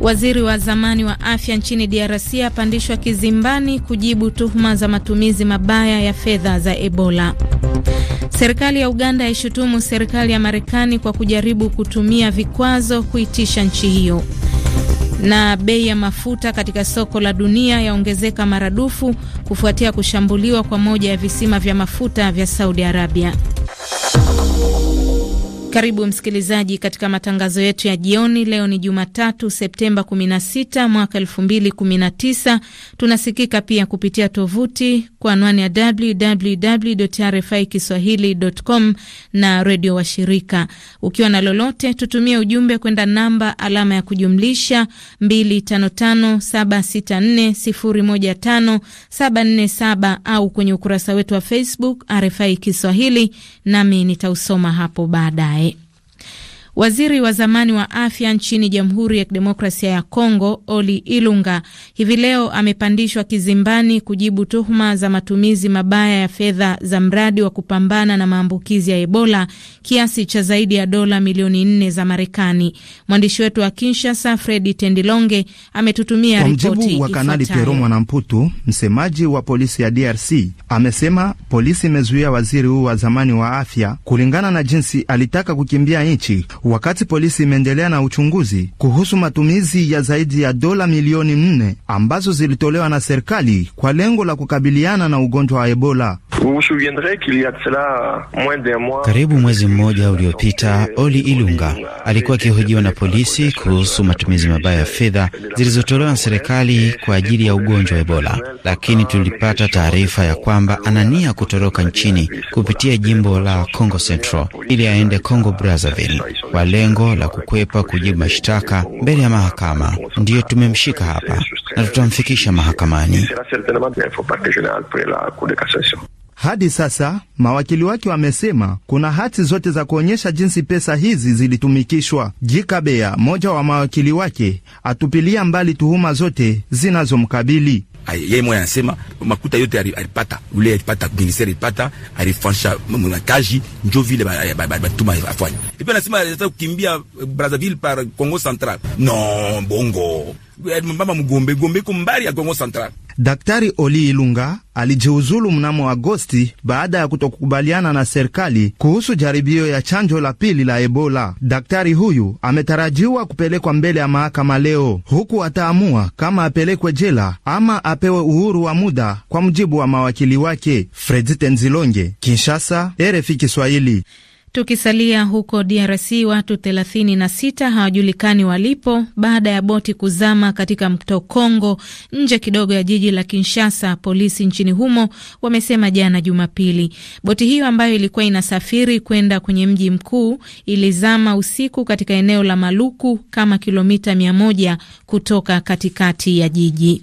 Waziri wa zamani wa afya nchini DRC apandishwa kizimbani kujibu tuhuma za matumizi mabaya ya fedha za Ebola. Serikali ya Uganda yaishutumu serikali ya Marekani kwa kujaribu kutumia vikwazo kuitisha nchi hiyo. Na bei ya mafuta katika soko la dunia yaongezeka maradufu kufuatia kushambuliwa kwa moja ya visima vya mafuta vya Saudi Arabia. Karibu msikilizaji katika matangazo yetu ya jioni. Leo ni Jumatatu, Septemba 16 mwaka 2019. Tunasikika pia kupitia tovuti kwa anwani ya www RFI kiswahilicom na redio washirika. Ukiwa na lolote, tutumie ujumbe kwenda namba alama ya kujumlisha 255764015747 au kwenye ukurasa wetu wa Facebook RFI Kiswahili, nami nitausoma hapo baadaye. Waziri wa zamani wa afya nchini Jamhuri ya Kidemokrasia ya Kongo, Oli Ilunga, hivi leo amepandishwa kizimbani kujibu tuhuma za matumizi mabaya ya fedha za mradi wa kupambana na maambukizi ya Ebola kiasi cha zaidi ya dola milioni nne za Marekani. Mwandishi wetu wa Kinshasa, Fredi Tendilonge, ametutumia ripoti wa Kanali Pero Mwanamputu, msemaji wa polisi ya DRC, amesema polisi imezuia waziri huu wa zamani wa afya kulingana na jinsi alitaka kukimbia nchi wakati polisi imeendelea na uchunguzi kuhusu matumizi ya zaidi ya dola milioni nne ambazo zilitolewa na serikali kwa lengo la kukabiliana na ugonjwa wa Ebola. Karibu mwezi mmoja uliopita, Oli Ilunga alikuwa akihojiwa na polisi kuhusu matumizi mabaya ya fedha zilizotolewa na serikali kwa ajili ya ugonjwa wa Ebola, lakini tulipata taarifa ya kwamba anania kutoroka nchini kupitia jimbo la Congo Central ili aende Congo Brazzaville kwa lengo la kukwepa kujibu mashtaka mbele ya mahakama. Ndiyo tumemshika hapa na tutamfikisha mahakamani. Hadi sasa mawakili wake wamesema kuna hati zote za kuonyesha jinsi pesa hizi zilitumikishwa. Jikabea, mmoja wa mawakili wake, atupilia mbali tuhuma zote zinazomkabili yeye mwenye anasema makuta yote alipata ule alipata ministeri alipata alifanisha mwanakaji njo vile batuma afanye. Ipo anasema anataka kukimbia Brazzaville par Congo Central. Non, bongo mama Mgombe Gombe mbali ya Gongo Central. Daktari Oli Ilunga alijiuzulu mnamo Agosti baada ya kutokukubaliana na serikali kuhusu jaribio ya chanjo la pili la Ebola. Daktari huyu ametarajiwa kupelekwa mbele ya mahakama leo, huku ataamua kama apelekwe jela ama apewe uhuru wa muda, kwa mujibu wa mawakili wake. Fredi Tenzilonge, Kinshasa, RFI Kiswahili. Tukisalia huko DRC, watu 36 hawajulikani walipo baada ya boti kuzama katika mto Kongo nje kidogo ya jiji la Kinshasa, polisi nchini humo wamesema jana Jumapili. Boti hiyo ambayo ilikuwa inasafiri kwenda kwenye mji mkuu ilizama usiku katika eneo la Maluku, kama kilomita 100 kutoka katikati ya jiji.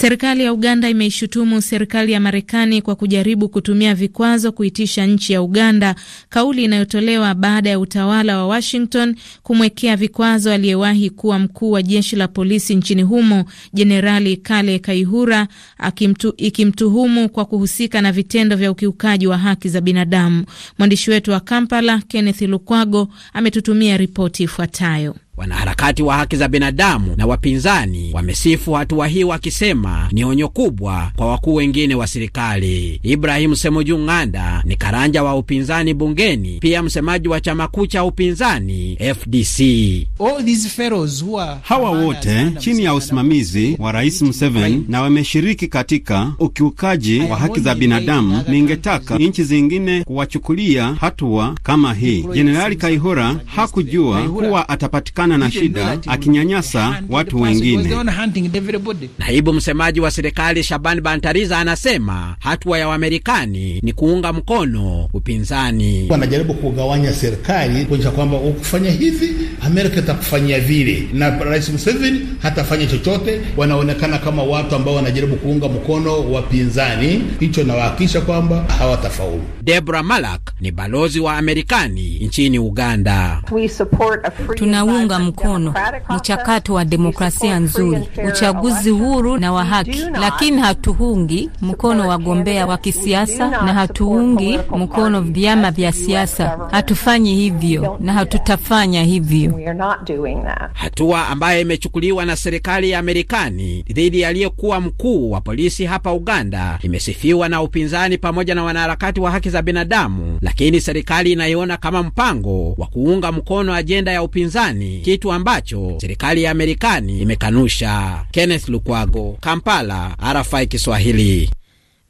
Serikali ya Uganda imeishutumu serikali ya Marekani kwa kujaribu kutumia vikwazo kuitisha nchi ya Uganda, kauli inayotolewa baada ya utawala wa Washington kumwekea vikwazo aliyewahi kuwa mkuu wa jeshi la polisi nchini humo Jenerali Kale Kaihura akimtu, ikimtuhumu kwa kuhusika na vitendo vya ukiukaji wa haki za binadamu. Mwandishi wetu wa Kampala Kenneth Lukwago ametutumia ripoti ifuatayo. Wanaharakati wa haki za binadamu na wapinzani wamesifu hatua hii wakisema ni onyo kubwa kwa wakuu wengine wa serikali. Ibrahimu Semuju Ng'anda ni karanja wa upinzani bungeni, pia msemaji wa chama kuu cha upinzani FDC. Hawa wote chini ya usimamizi wa Rais Museveni na wameshiriki katika ukiukaji wa haki za binadamu. Ningetaka nchi zingine kuwachukulia hatua kama hii. Jenerali Kaihura hakujua kuwa atapatikana kupambana na shida akinyanyasa watu wengine. Naibu msemaji wa serikali Shaban Bantariza anasema hatua ya Wamerikani ni kuunga mkono upinzani. Wanajaribu kugawanya serikali kuonyesha kwamba ukufanya hivi Amerika itakufanyia vile, na Rais Museveni hatafanya chochote. Wanaonekana kama watu ambao wanajaribu kuunga mkono wapinzani, hicho nawahakikisha kwamba hawatafaulu. Debra Malak ni balozi wa Amerikani nchini Uganda. Tunaunga mkono mchakato wa demokrasia nzuri, uchaguzi huru na wa haki, lakini hatuungi mkono wagombea wa kisiasa na hatuungi mkono vyama vya siasa. Hatufanyi hivyo na hatutafanya hivyo. Hatua ambayo imechukuliwa na serikali ya Amerikani dhidi ya aliyekuwa mkuu wa polisi hapa Uganda imesifiwa na upinzani pamoja na wanaharakati wa haki za binadamu, lakini serikali inaiona kama mpango wa kuunga mkono ajenda ya upinzani kitu ambacho serikali ya Marekani imekanusha. Kenneth Lukwago, Kampala, RFI Kiswahili.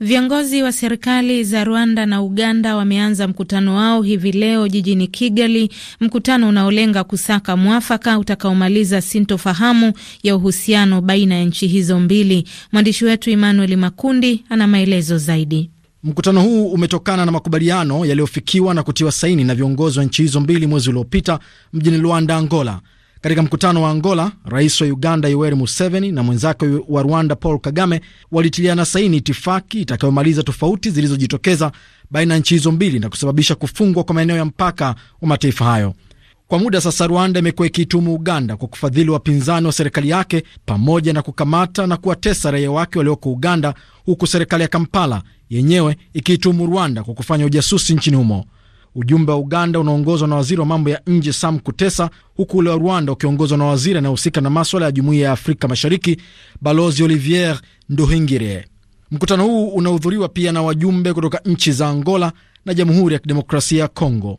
Viongozi wa serikali za Rwanda na Uganda wameanza mkutano wao hivi leo jijini Kigali, mkutano unaolenga kusaka mwafaka utakaomaliza sintofahamu ya uhusiano baina ya nchi hizo mbili. Mwandishi wetu Emmanuel Makundi ana maelezo zaidi. Mkutano huu umetokana na makubaliano yaliyofikiwa na kutiwa saini na viongozi wa nchi hizo mbili mwezi uliopita mjini Luanda, Angola. Katika mkutano wa Angola, rais wa Uganda Yoweri Museveni na mwenzake wa Rwanda Paul Kagame walitiliana saini itifaki itakayomaliza tofauti zilizojitokeza baina ya nchi hizo mbili na kusababisha kufungwa kwa maeneo ya mpaka wa mataifa hayo. Kwa muda sasa, Rwanda imekuwa ikiitumu Uganda kwa kufadhili wapinzani wa serikali yake pamoja na kukamata na kuwatesa raia wake walioko Uganda, huku serikali ya Kampala yenyewe ikiitumu Rwanda kwa kufanya ujasusi nchini humo. Ujumbe wa Uganda unaongozwa na waziri wa mambo ya nje Sam Kutesa, huku ule wa Rwanda ukiongozwa na waziri anayehusika na maswala ya jumuiya ya Afrika Mashariki, Balozi Olivier Nduhingire. Mkutano huu unahudhuriwa pia na wajumbe kutoka nchi za Angola na Jamhuri ya Kidemokrasia ya Kongo.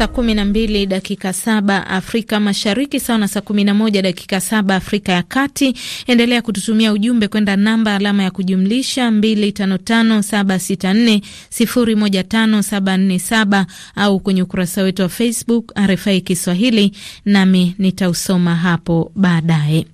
saa 12 dakika saba Afrika Mashariki, sawa na saa 11 dakika saba Afrika ya Kati. Endelea kututumia ujumbe kwenda namba alama ya kujumlisha 255764015747 au kwenye ukurasa wetu wa Facebook RFI Kiswahili, nami nitausoma hapo baadaye.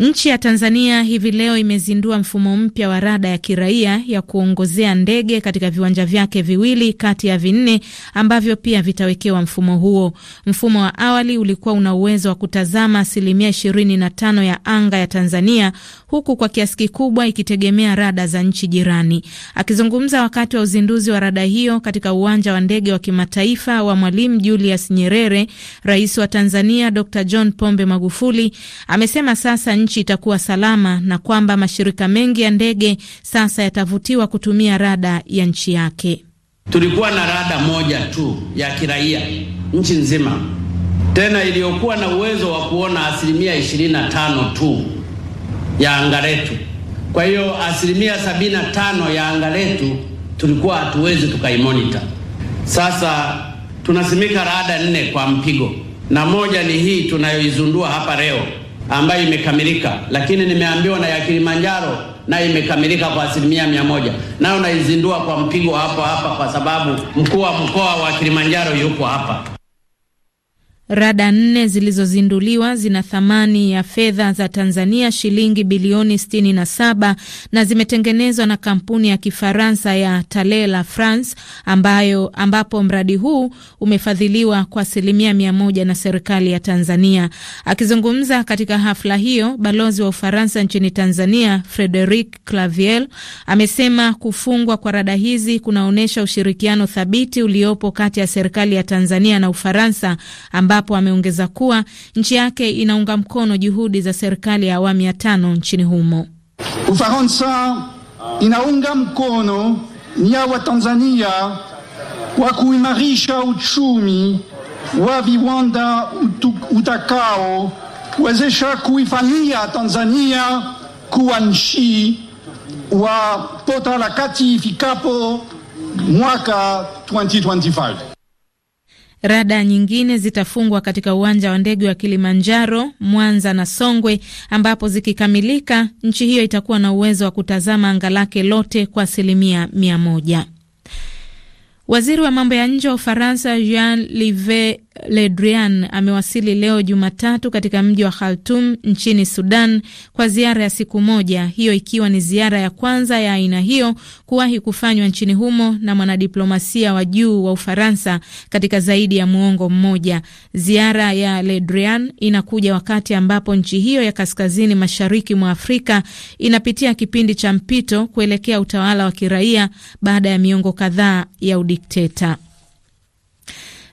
Nchi ya Tanzania hivi leo imezindua mfumo mpya wa rada ya kiraia ya kuongozea ndege katika viwanja vyake viwili kati ya vinne ambavyo pia vitawekewa mfumo huo. Mfumo wa awali ulikuwa una uwezo wa kutazama asilimia ishirini na tano ya anga ya Tanzania, huku kwa kiasi kikubwa ikitegemea rada za nchi jirani. Akizungumza wakati wa uzinduzi wa rada hiyo katika uwanja wa ndege wa kimataifa wa Mwalimu Julius Nyerere, rais wa Tanzania Dr John Pombe Magufuli amesema sasa nchi itakuwa salama na kwamba mashirika mengi ya ndege sasa yatavutiwa kutumia rada ya nchi yake. Tulikuwa na rada moja tu ya kiraia nchi nzima, tena iliyokuwa na uwezo wa kuona asilimia 25 tu ya anga letu. Kwa hiyo asilimia 75 ya anga letu tulikuwa hatuwezi tukaimonita. Sasa tunasimika rada nne kwa mpigo, na moja ni hii tunayoizundua hapa leo ambayo imekamilika, lakini nimeambiwa na ya Kilimanjaro nayo imekamilika kwa asilimia mia moja, nayo naizindua kwa mpigo hapa hapa, kwa sababu mkuu wa mkoa wa Kilimanjaro yuko hapa. Rada nne zilizozinduliwa zina thamani ya fedha za Tanzania shilingi bilioni 67 na, na zimetengenezwa na kampuni ya Kifaransa ya tale la France ambayo, ambapo mradi huu umefadhiliwa kwa asilimia mia moja na serikali ya Tanzania. Akizungumza katika hafla hiyo, balozi wa Ufaransa nchini Tanzania Frederic Claviel amesema kufungwa kwa rada hizi kunaonyesha ushirikiano thabiti uliopo kati ya serikali ya Tanzania na Ufaransa ambapo ameongeza kuwa nchi yake inaunga mkono juhudi za serikali ya awamu ya tano nchini humo. Ufaransa inaunga mkono nia wa Tanzania kwa kuimarisha uchumi wa viwanda utakao kuwezesha kuifanyia Tanzania kuwa nchi wa pota la kati ifikapo mwaka 2025. Rada nyingine zitafungwa katika uwanja wa ndege wa Kilimanjaro, Mwanza na Songwe, ambapo zikikamilika, nchi hiyo itakuwa na uwezo wa kutazama anga lake lote kwa asilimia mia moja. Waziri wa mambo ya nje wa Ufaransa Jean Live Ledrian amewasili leo Jumatatu katika mji wa Khartum nchini Sudan kwa ziara ya siku moja, hiyo ikiwa ni ziara ya kwanza ya aina hiyo kuwahi kufanywa nchini humo na mwanadiplomasia wa juu wa Ufaransa katika zaidi ya muongo mmoja. Ziara ya Ledrian inakuja wakati ambapo nchi hiyo ya kaskazini mashariki mwa Afrika inapitia kipindi cha mpito kuelekea utawala wa kiraia baada ya miongo kadhaa ya udikteta.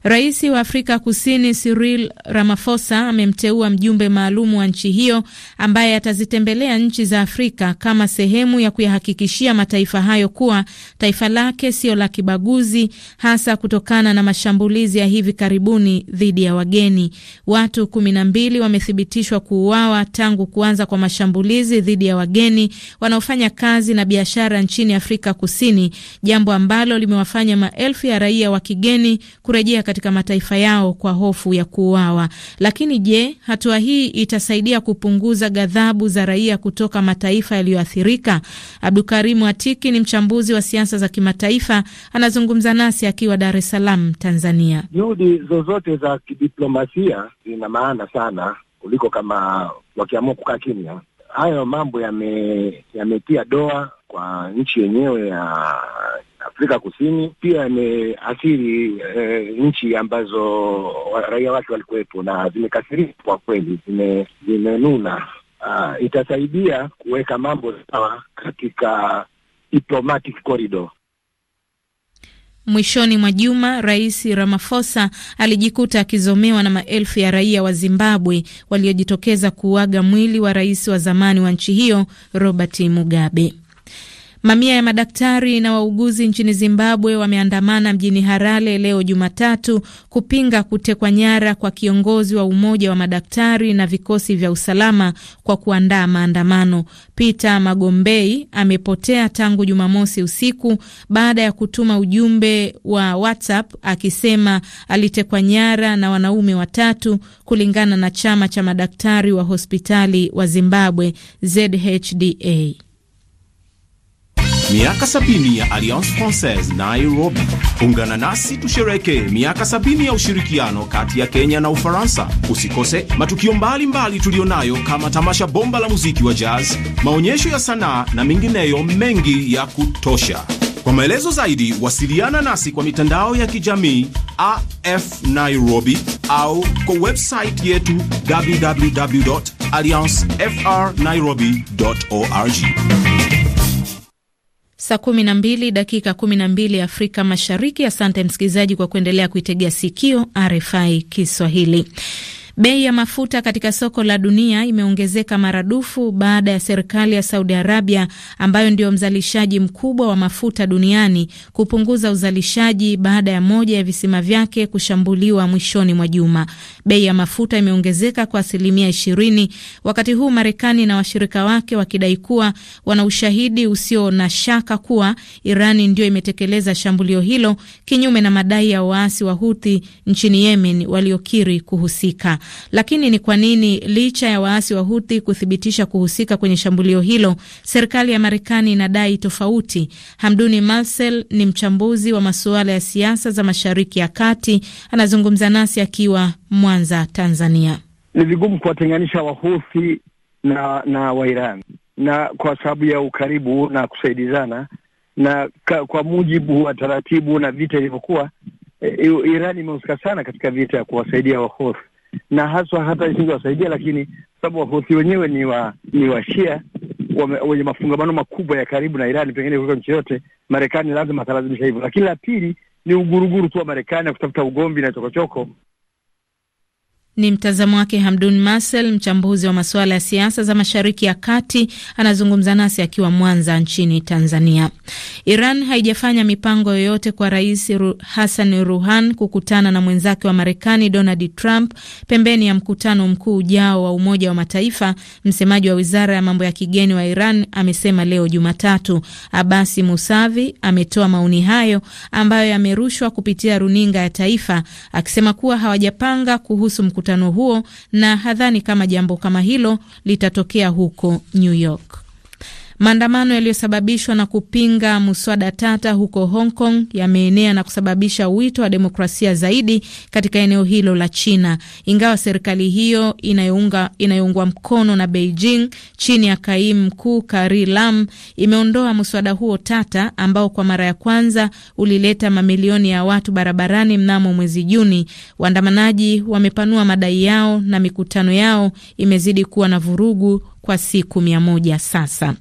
Rais wa Afrika Kusini Cyril Ramaphosa amemteua mjumbe maalum wa nchi hiyo ambaye atazitembelea nchi za Afrika kama sehemu ya kuyahakikishia mataifa hayo kuwa taifa lake sio la kibaguzi, hasa kutokana na mashambulizi ya hivi karibuni dhidi ya wageni. Watu kumi na mbili wamethibitishwa kuuawa tangu kuanza kwa mashambulizi dhidi ya wageni wanaofanya kazi na biashara nchini Afrika Kusini, jambo ambalo limewafanya maelfu ya raia wa kigeni kurejea katika mataifa yao kwa hofu ya kuuawa. Lakini je, hatua hii itasaidia kupunguza ghadhabu za raia kutoka mataifa yaliyoathirika? Abdukarimu Atiki ni mchambuzi wa siasa za kimataifa, anazungumza nasi akiwa Dar es Salaam, Tanzania. Juhudi zozote za kidiplomasia zina maana sana kuliko kama wakiamua kukaa kimya. Hayo mambo yametia ya doa kwa nchi yenyewe ya Afrika Kusini pia yameathiri eh, nchi ambazo raia wake walikuwepo na zimekasirika kwa kweli, zimenuna. Uh, itasaidia kuweka mambo sawa katika diplomatic corridor. Mwishoni mwa juma Rais Ramaphosa alijikuta akizomewa na maelfu ya raia wa Zimbabwe waliojitokeza kuuaga mwili wa rais wa zamani wa nchi hiyo Robert Mugabe. Mamia ya madaktari na wauguzi nchini Zimbabwe wameandamana mjini Harare leo Jumatatu kupinga kutekwa nyara kwa kiongozi wa umoja wa madaktari na vikosi vya usalama kwa kuandaa maandamano. Peter Magombei amepotea tangu Jumamosi usiku baada ya kutuma ujumbe wa WhatsApp akisema alitekwa nyara na wanaume watatu, kulingana na chama cha madaktari wa hospitali wa Zimbabwe ZHDA. Miaka sabini ya Alliance Francaise Nairobi. Ungana nasi tusherekee miaka sabini ya ushirikiano kati ya Kenya na Ufaransa. Usikose matukio mbalimbali tuliyonayo kama tamasha bomba la muziki wa jazz, maonyesho ya sanaa na mengineyo mengi ya kutosha. Kwa maelezo zaidi wasiliana nasi kwa mitandao ya kijamii AF Nairobi au kwa website yetu www org Saa kumi na mbili dakika kumi na mbili Afrika Mashariki. Asante msikilizaji kwa kuendelea kuitegea sikio RFI Kiswahili. Bei ya mafuta katika soko la dunia imeongezeka maradufu baada ya serikali ya Saudi Arabia, ambayo ndio mzalishaji mkubwa wa mafuta duniani, kupunguza uzalishaji baada ya moja ya visima vyake kushambuliwa mwishoni mwa juma. Bei ya mafuta imeongezeka kwa asilimia ishirini, wakati huu Marekani na washirika wake wakidai kuwa wana ushahidi usio na shaka kuwa Irani ndio imetekeleza shambulio hilo, kinyume na madai ya waasi wa Huthi nchini Yemen waliokiri kuhusika. Lakini ni kwa nini licha ya waasi wa Huthi kuthibitisha kuhusika kwenye shambulio hilo, serikali ya Marekani inadai tofauti? Hamduni Marcel ni mchambuzi wa masuala ya siasa za Mashariki ya Kati, anazungumza nasi akiwa Mwanza, Tanzania. Ni vigumu kuwatenganisha Wahuthi na na Wairani na kwa sababu ya ukaribu na kusaidizana na ka, kwa mujibu wa taratibu na vita ilivyokuwa, e, Irani imehusika sana katika vita ya kuwasaidia Wahothi na haswa hata isingewasaidia, lakini sababu wahuthi wenyewe ni wa ni wa Shia wenye mafungamano makubwa ya karibu na Irani pengine kuliko nchi yote, Marekani lazima atalazimisha hivyo. Lakini la pili ni uguruguru tu wa Marekani ya kutafuta ugomvi na chokochoko ni mtazamo wake Hamdun Masel, mchambuzi wa masuala ya siasa za Mashariki ya Kati, anazungumza nasi akiwa Mwanza nchini Tanzania. Iran haijafanya mipango yoyote kwa Rais Hassan Ruhan kukutana na mwenzake wa Marekani Donald Trump pembeni ya mkutano mkuu ujao wa Umoja wa Mataifa. Msemaji wa wizara ya mambo ya kigeni wa Iran amesema leo Jumatatu. Abasi Musavi ametoa maoni hayo ambayo yamerushwa kupitia runinga ya taifa akisema kuwa hawajapanga kuhusu mkutano mkutano huo na hadhani kama jambo kama hilo litatokea huko New York. Maandamano yaliyosababishwa na kupinga muswada tata huko Hong Kong yameenea na kusababisha wito wa demokrasia zaidi katika eneo hilo la China, ingawa serikali hiyo inayounga, inayoungwa mkono na Beijing chini ya kaimu mkuu Carrie Lam imeondoa muswada huo tata ambao kwa mara ya kwanza ulileta mamilioni ya watu barabarani mnamo mwezi Juni. Waandamanaji wamepanua madai yao na mikutano yao imezidi kuwa na vurugu kwa siku mia moja sasa.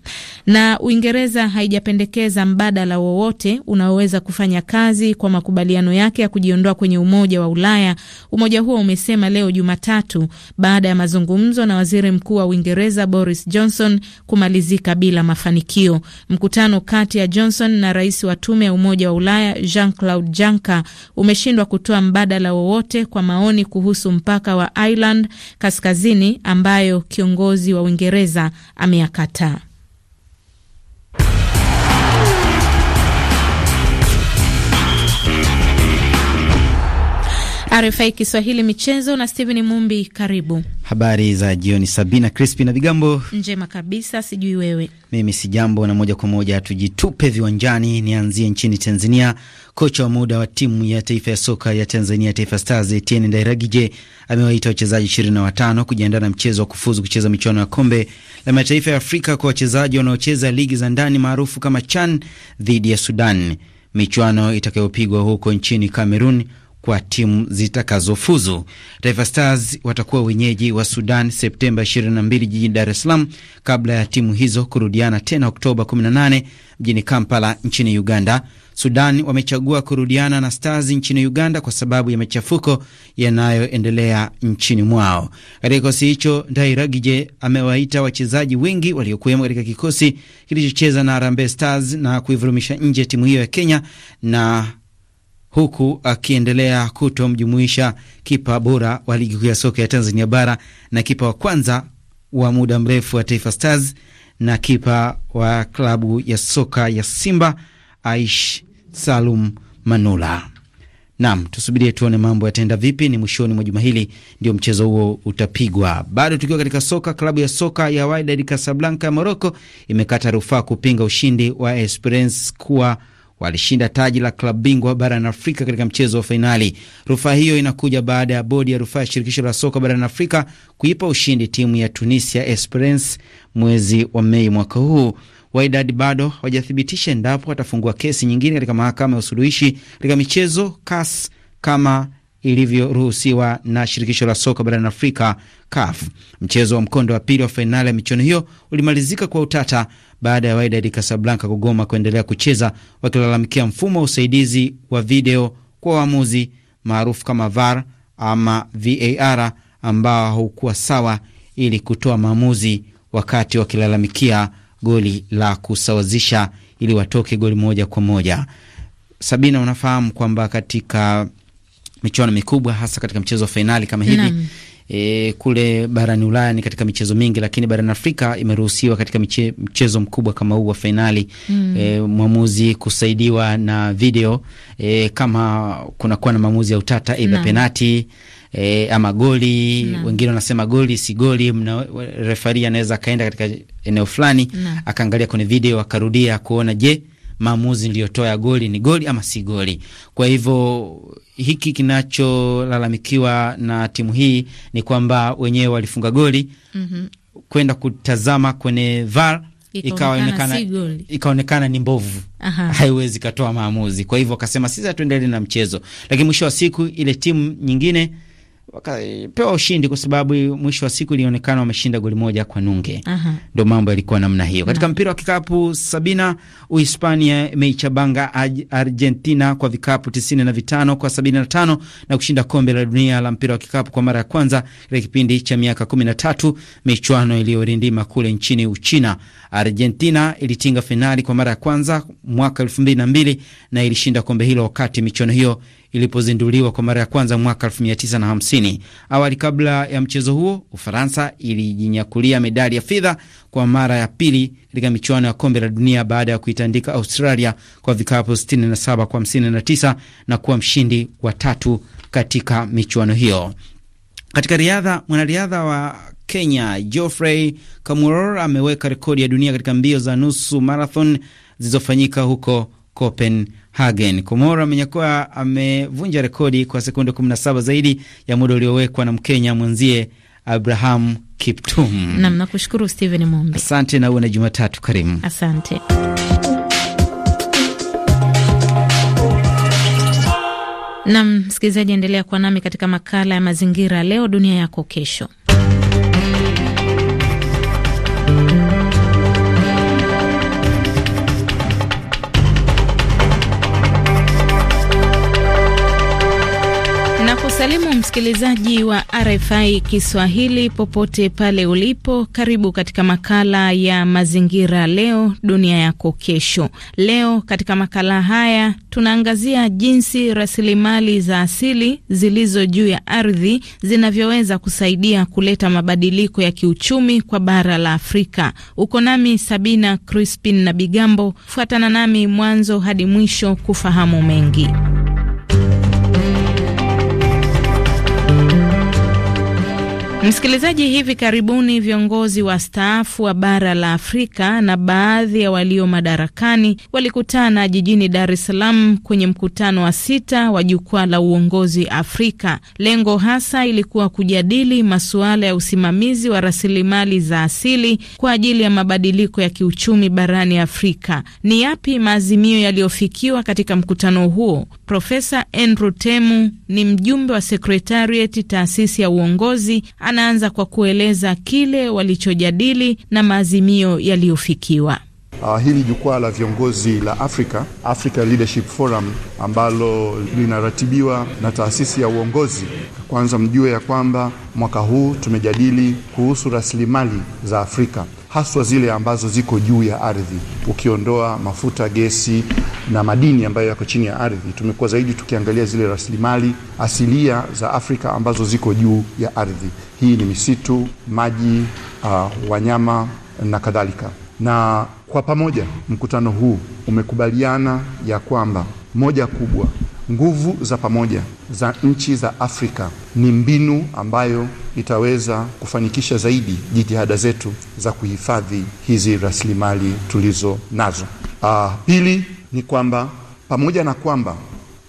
Na Uingereza haijapendekeza mbadala wowote unaoweza kufanya kazi kwa makubaliano yake ya kujiondoa kwenye Umoja wa Ulaya, umoja huo umesema leo Jumatatu, baada ya mazungumzo na waziri mkuu wa Uingereza Boris Johnson kumalizika bila mafanikio. Mkutano kati ya Johnson na rais wa tume ya Umoja wa Ulaya Jean Claude Juncker umeshindwa kutoa mbadala wowote kwa maoni kuhusu mpaka wa Ireland kaskazini ambayo kiongozi wa Uingereza Uingereza ameyakataa. RFI Kiswahili michezo na Steven Mumbi, karibu. Habari za jioni Sabina Crispi na Vigambo. Njema kabisa, sijui wewe. Mimi si jambo, na moja kwa moja tujitupe viwanjani. Nianzie nchini Tanzania. Kocha wa muda wa timu ya taifa ya soka ya Tanzania, Taifa Stars, Etienne Ndairagije amewaita wachezaji ishirini na watano kujiandaa na mchezo wa kufuzu kucheza michuano ya kombe la mataifa ya Afrika kwa wachezaji wanaocheza ligi za ndani maarufu kama CHAN dhidi ya Sudan, michuano itakayopigwa huko nchini Cameroon kwa timu zitakazofuzu. Taifa Stars watakuwa wenyeji wa Sudan Septemba 22 jijini Dar es Salaam, kabla ya timu hizo kurudiana tena Oktoba 18 mjini Kampala nchini Uganda. Sudan wamechagua kurudiana na Stars nchini Uganda kwa sababu ya machafuko yanayoendelea nchini mwao. Katika kikosi hicho, Ndairagije amewaita wachezaji wengi waliokuwemo katika kikosi kilichocheza na Harambee Stars na kuivurumisha nje timu hiyo ya Kenya na huku akiendelea kutomjumuisha kipa bora wa ligi kuu ya soka ya Tanzania bara na kipa wa kwanza wa muda mrefu wa Taifa Stars na kipa wa klabu ya soka ya Simba Aish Salum Manula. Nam, tusubirie tuone mambo yataenda vipi. Ni mwishoni mwa juma hili ndio mchezo huo utapigwa. Bado tukiwa katika soka, klabu ya soka ya Wydad Casablanca ya Morocco imekata rufaa kupinga ushindi wa Esperance kuwa walishinda taji la klabu bingwa barani Afrika katika mchezo wa fainali. Rufaa hiyo inakuja baada ya bodi ya rufaa ya shirikisho la soka barani Afrika kuipa ushindi timu ya Tunisia Esperance mwezi wa Mei mwaka huu. Wydad bado hawajathibitisha endapo watafungua kesi nyingine katika mahakama ya usuluhishi katika michezo CAS kama ilivyoruhusiwa na shirikisho la soka barani Afrika CAF. Mchezo wa mkondo wa pili wa fainali ya michuano hiyo ulimalizika kwa utata baada ya Wydad Casablanca kugoma kuendelea kucheza, wakilalamikia mfumo wa usaidizi wa video kwa waamuzi maarufu kama VAR ama VAR ambao haukuwa sawa ili kutoa maamuzi, wakati wakilalamikia goli la kusawazisha ili watoke goli moja kwa moja. Sabina, unafahamu kwamba katika michuano mikubwa hasa katika mchezo wa fainali kama hivi e, kule barani Ulaya ni katika michezo mingi, lakini barani Afrika imeruhusiwa katika miche, mchezo mkubwa kama huu wa fainali mm. E, mwamuzi kusaidiwa na video e, kama kunakuwa na maamuzi ya utata aidha penati E, ama goli na. Wengine wanasema goli si goli, mna refari anaweza akaenda katika eneo fulani akaangalia kwenye video akarudia kuona, je maamuzi ndiyotoa ya goli ni goli ama si goli. Kwa hivyo hiki kinacholalamikiwa na timu hii ni kwamba wenyewe walifunga goli mm -hmm. kwenda kutazama kwenye VAR ikaonekana ikaonekana ni mbovu, haiwezi katoa maamuzi. Kwa hivyo wakasema sisi hatuendelee na mchezo, lakini mwisho wa siku ile timu nyingine wakapewa ushindi kwa sababu mwisho wa siku ilionekana wameshinda goli moja kwa nunge. Ndio mambo yalikuwa namna hiyo katika mpira wa kikapu. Sabina, Uhispania imeichabanga Argentina kwa vikapu tisini na vitano kwa sabini na tano na kushinda kombe la dunia la mpira wa kikapu kwa mara ya kwanza katika kipindi cha miaka kumi na tatu michuano iliyorindima kule nchini Uchina. Argentina ilitinga fainali kwa mara ya kwanza mwaka elfu mbili na mbili na ilishinda kombe hilo wakati michuano hiyo ilipozinduliwa kwa mara ya kwanza mwaka 1950. Awali kabla ya mchezo huo, Ufaransa ilijinyakulia medali ya fedha kwa mara ya pili katika michuano ya kombe la dunia baada ya kuitandika Australia kwa vikapu 67 kwa 59 na kuwa mshindi wa tatu katika michuano hiyo. Katika riadha, mwanariadha wa Kenya Geoffrey Kamworor ameweka rekodi ya dunia katika mbio za nusu marathon zilizofanyika huko Copenhagen. Komoro amenyakuwa amevunja rekodi kwa sekunde 17 zaidi ya muda uliowekwa na Mkenya mwenzie Abraham Kiptum. Nam, nakushukuru Steven Mumbi, Asante na uwe na Jumatatu karimu. Asante. Nam msikilizaji, endelea kuwa nami katika makala ya mazingira, leo dunia yako kesho. Msikilizaji wa RFI Kiswahili popote pale ulipo, karibu katika makala ya mazingira leo dunia yako kesho. Leo katika makala haya tunaangazia jinsi rasilimali za asili zilizo juu ya ardhi zinavyoweza kusaidia kuleta mabadiliko ya kiuchumi kwa bara la Afrika. Uko nami Sabina Crispin na Bigambo, fuatana nami mwanzo hadi mwisho kufahamu mengi. Msikilizaji, hivi karibuni viongozi wa staafu wa bara la Afrika na baadhi ya walio madarakani walikutana jijini Dar es Salaam kwenye mkutano wa sita wa jukwaa la uongozi Afrika. Lengo hasa ilikuwa kujadili masuala ya usimamizi wa rasilimali za asili kwa ajili ya mabadiliko ya kiuchumi barani Afrika. Ni yapi maazimio yaliyofikiwa katika mkutano huo? Profesa Andrew Temu ni mjumbe wa sekretarieti taasisi ya uongozi. Anaanza kwa kueleza kile walichojadili na maazimio yaliyofikiwa. Uh, hili jukwaa la viongozi la Afrika, Africa Leadership Forum ambalo linaratibiwa na taasisi ya uongozi. Kwanza mjue ya kwamba mwaka huu tumejadili kuhusu rasilimali za Afrika haswa zile ambazo ziko juu ya ardhi, ukiondoa mafuta, gesi na madini ambayo yako chini ya ardhi. Tumekuwa zaidi tukiangalia zile rasilimali asilia za Afrika ambazo ziko juu ya ardhi. Hii ni misitu, maji, uh, wanyama na kadhalika. Na kwa pamoja mkutano huu umekubaliana ya kwamba moja kubwa Nguvu za pamoja za nchi za Afrika ni mbinu ambayo itaweza kufanikisha zaidi jitihada zetu za kuhifadhi hizi rasilimali tulizo nazo. Ah, pili ni kwamba pamoja na kwamba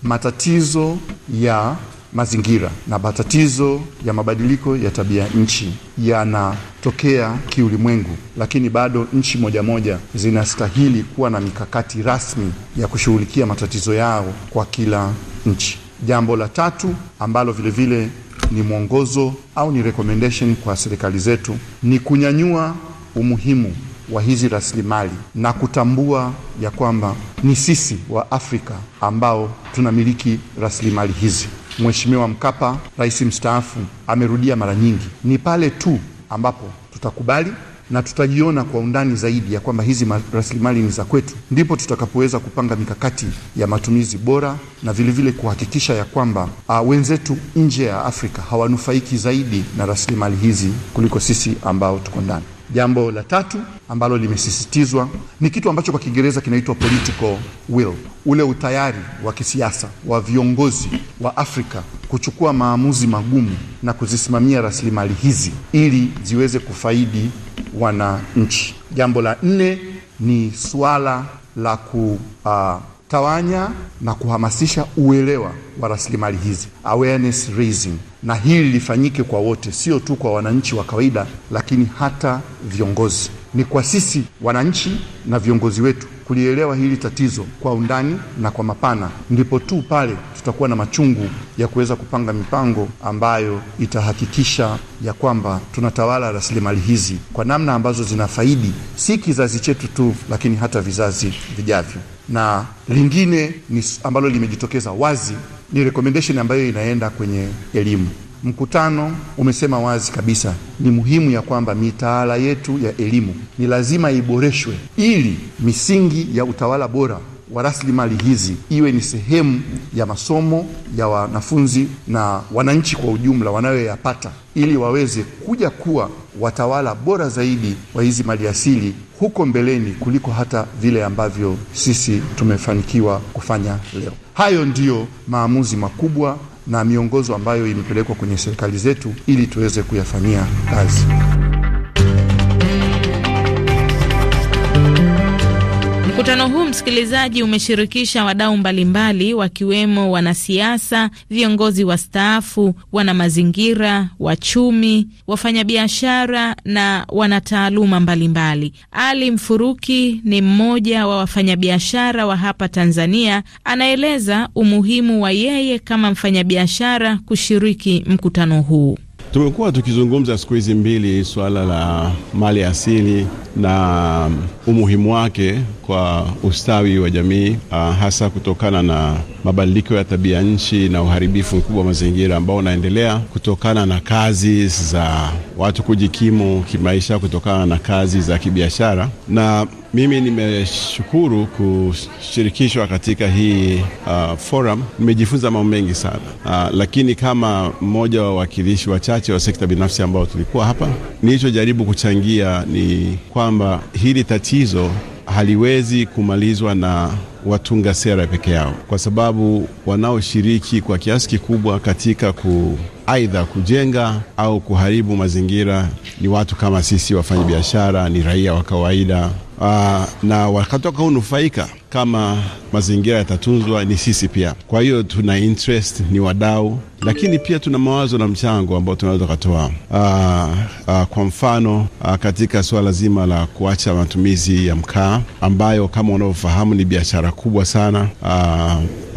matatizo ya mazingira na matatizo ya mabadiliko ya tabia nchi yanatokea kiulimwengu, lakini bado nchi moja moja zinastahili kuwa na mikakati rasmi ya kushughulikia matatizo yao kwa kila nchi. Jambo la tatu ambalo vilevile vile ni mwongozo au ni recommendation kwa serikali zetu ni kunyanyua umuhimu wa hizi rasilimali na kutambua ya kwamba ni sisi wa Afrika ambao tunamiliki rasilimali hizi. Mheshimiwa Mkapa, rais mstaafu, amerudia mara nyingi, ni pale tu ambapo tutakubali na tutajiona kwa undani zaidi ya kwamba hizi rasilimali ni za kwetu, ndipo tutakapoweza kupanga mikakati ya matumizi bora na vilevile vile kuhakikisha ya kwamba uh, wenzetu nje ya Afrika hawanufaiki zaidi na rasilimali hizi kuliko sisi ambao tuko ndani. Jambo la tatu ambalo limesisitizwa ni kitu ambacho kwa Kiingereza kinaitwa political will, ule utayari wa kisiasa wa viongozi wa Afrika kuchukua maamuzi magumu na kuzisimamia rasilimali hizi ili ziweze kufaidi wananchi. Jambo la nne ni suala la kutawanya na kuhamasisha uelewa wa rasilimali hizi, awareness raising na hili lifanyike kwa wote, sio tu kwa wananchi wa kawaida, lakini hata viongozi. Ni kwa sisi wananchi na viongozi wetu kulielewa hili tatizo kwa undani na kwa mapana, ndipo tu pale tutakuwa na machungu ya kuweza kupanga mipango ambayo itahakikisha ya kwamba tunatawala rasilimali hizi kwa namna ambazo zinafaidi si kizazi chetu tu, lakini hata vizazi vijavyo. Na lingine ni ambalo limejitokeza wazi ni recommendation ambayo inaenda kwenye elimu. Mkutano umesema wazi kabisa, ni muhimu ya kwamba mitaala yetu ya elimu ni lazima iboreshwe ili misingi ya utawala bora wa rasilimali hizi iwe ni sehemu ya masomo ya wanafunzi na wananchi kwa ujumla wanayoyapata, ili waweze kuja kuwa watawala bora zaidi wa hizi mali asili huko mbeleni kuliko hata vile ambavyo sisi tumefanikiwa kufanya leo. Hayo ndiyo maamuzi makubwa na miongozo ambayo imepelekwa kwenye serikali zetu ili tuweze kuyafanyia kazi. Mkutano huu msikilizaji, umeshirikisha wadau mbalimbali wakiwemo wanasiasa, viongozi wastaafu, wana mazingira, wachumi, wafanyabiashara na wanataaluma mbalimbali. Ali Mfuruki ni mmoja wa wafanyabiashara wa hapa Tanzania, anaeleza umuhimu wa yeye kama mfanyabiashara kushiriki mkutano huu. Tumekuwa tukizungumza siku hizi mbili suala la mali asili na umuhimu wake kwa ustawi wa jamii uh, hasa kutokana na mabadiliko ya tabia nchi na uharibifu mkubwa wa mazingira ambao unaendelea kutokana na kazi za watu kujikimu kimaisha kutokana na kazi za kibiashara na mimi nimeshukuru kushirikishwa katika hii uh, forum. Nimejifunza mambo mengi sana uh, lakini kama mmoja wa wawakilishi wachache wa sekta binafsi ambao tulikuwa hapa, nilichojaribu kuchangia ni kwamba hili tatizo haliwezi kumalizwa na watunga sera peke yao, kwa sababu wanaoshiriki kwa kiasi kikubwa katika ku aidha kujenga au kuharibu mazingira ni watu kama sisi, wafanyabiashara, ni raia wa kawaida. Ah, na wakatoka hunufaika kama mazingira yatatunzwa ni sisi pia. Kwa hiyo tuna interest, ni wadau, lakini pia tuna mawazo na mchango ambao tunaweza kutoa. Ah, ah, kwa mfano aa, ah, katika suala zima la kuacha matumizi ya mkaa ambayo kama unavyofahamu ni biashara kubwa sana.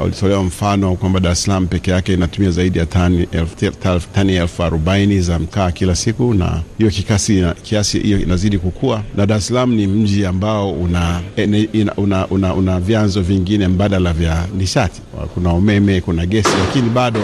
Ulitolewa mfano kwamba Dar es Salaam peke yake inatumia zaidi ya tani elfu arobaini za mkaa kila siku, na hiyo kikasi kiasi hiyo inazidi kukua, na Dar es Salaam ni mji ambao una, ene, ina, una, una una vyanzo vingine mbadala vya nishati, kuna umeme, kuna gesi, lakini bado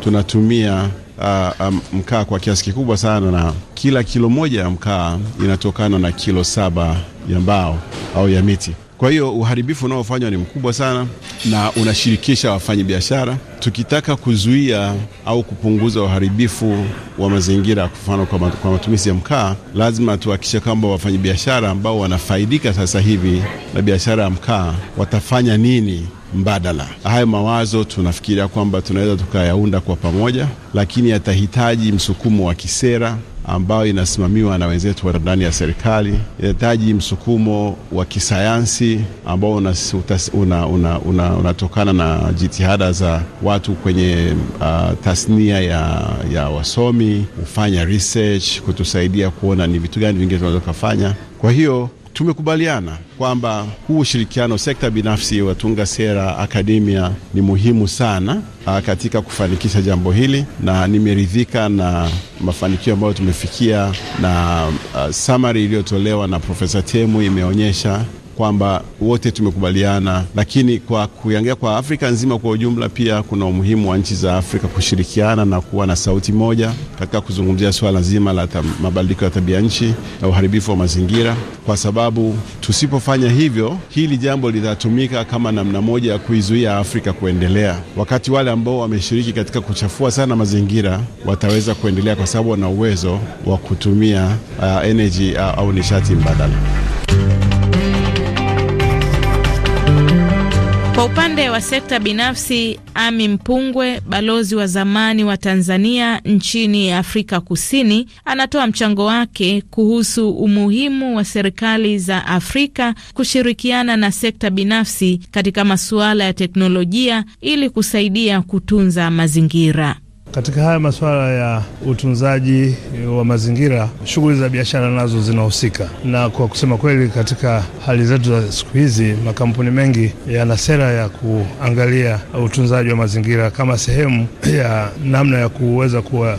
tunatumia uh, um, mkaa kwa kiasi kikubwa sana, na kila kilo moja ya mkaa inatokana na kilo saba ya mbao au ya miti. Kwa hiyo uharibifu unaofanywa ni mkubwa sana na unashirikisha wafanyabiashara. Tukitaka kuzuia au kupunguza uharibifu wa mazingira, kwa mfano kwa matumizi ya mkaa, lazima tuhakikishe kwamba wafanyabiashara ambao wanafaidika sasa hivi na biashara ya mkaa watafanya nini mbadala. Hayo mawazo tunafikiria kwamba tunaweza tukayaunda kwa pamoja, lakini yatahitaji msukumo wa kisera ambayo inasimamiwa na wenzetu wa ndani ya serikali. Inahitaji msukumo wa kisayansi ambao unatokana una, una, una na jitihada za watu kwenye uh, tasnia ya, ya wasomi kufanya research, kutusaidia kuona ni vitu gani vingine tunaweza kufanya. Kwa hiyo Tumekubaliana kwamba huu ushirikiano sekta binafsi, watunga sera, akademia ni muhimu sana ah, katika kufanikisha jambo hili, na nimeridhika na mafanikio ambayo tumefikia na uh, summary iliyotolewa na Profesa Temu imeonyesha kwamba wote tumekubaliana, lakini kwa kuiangalia kwa Afrika nzima kwa ujumla, pia kuna umuhimu wa nchi za Afrika kushirikiana na kuwa na sauti moja katika kuzungumzia swala zima la mabadiliko ya tabia nchi na uharibifu wa mazingira, kwa sababu tusipofanya hivyo, hili jambo litatumika kama namna moja ya kuizuia Afrika kuendelea, wakati wale ambao wameshiriki katika kuchafua sana mazingira wataweza kuendelea, kwa sababu wana uwezo wa kutumia uh, energy uh, au nishati mbadala. Kwa upande wa sekta binafsi, Ami Mpungwe, balozi wa zamani wa Tanzania nchini Afrika Kusini, anatoa mchango wake kuhusu umuhimu wa serikali za Afrika kushirikiana na sekta binafsi katika masuala ya teknolojia ili kusaidia kutunza mazingira. Katika haya masuala ya utunzaji wa mazingira, shughuli za biashara nazo zinahusika, na kwa kusema kweli, katika hali zetu za siku hizi, makampuni mengi yana sera ya kuangalia utunzaji wa mazingira kama sehemu ya namna ya kuweza kuwa,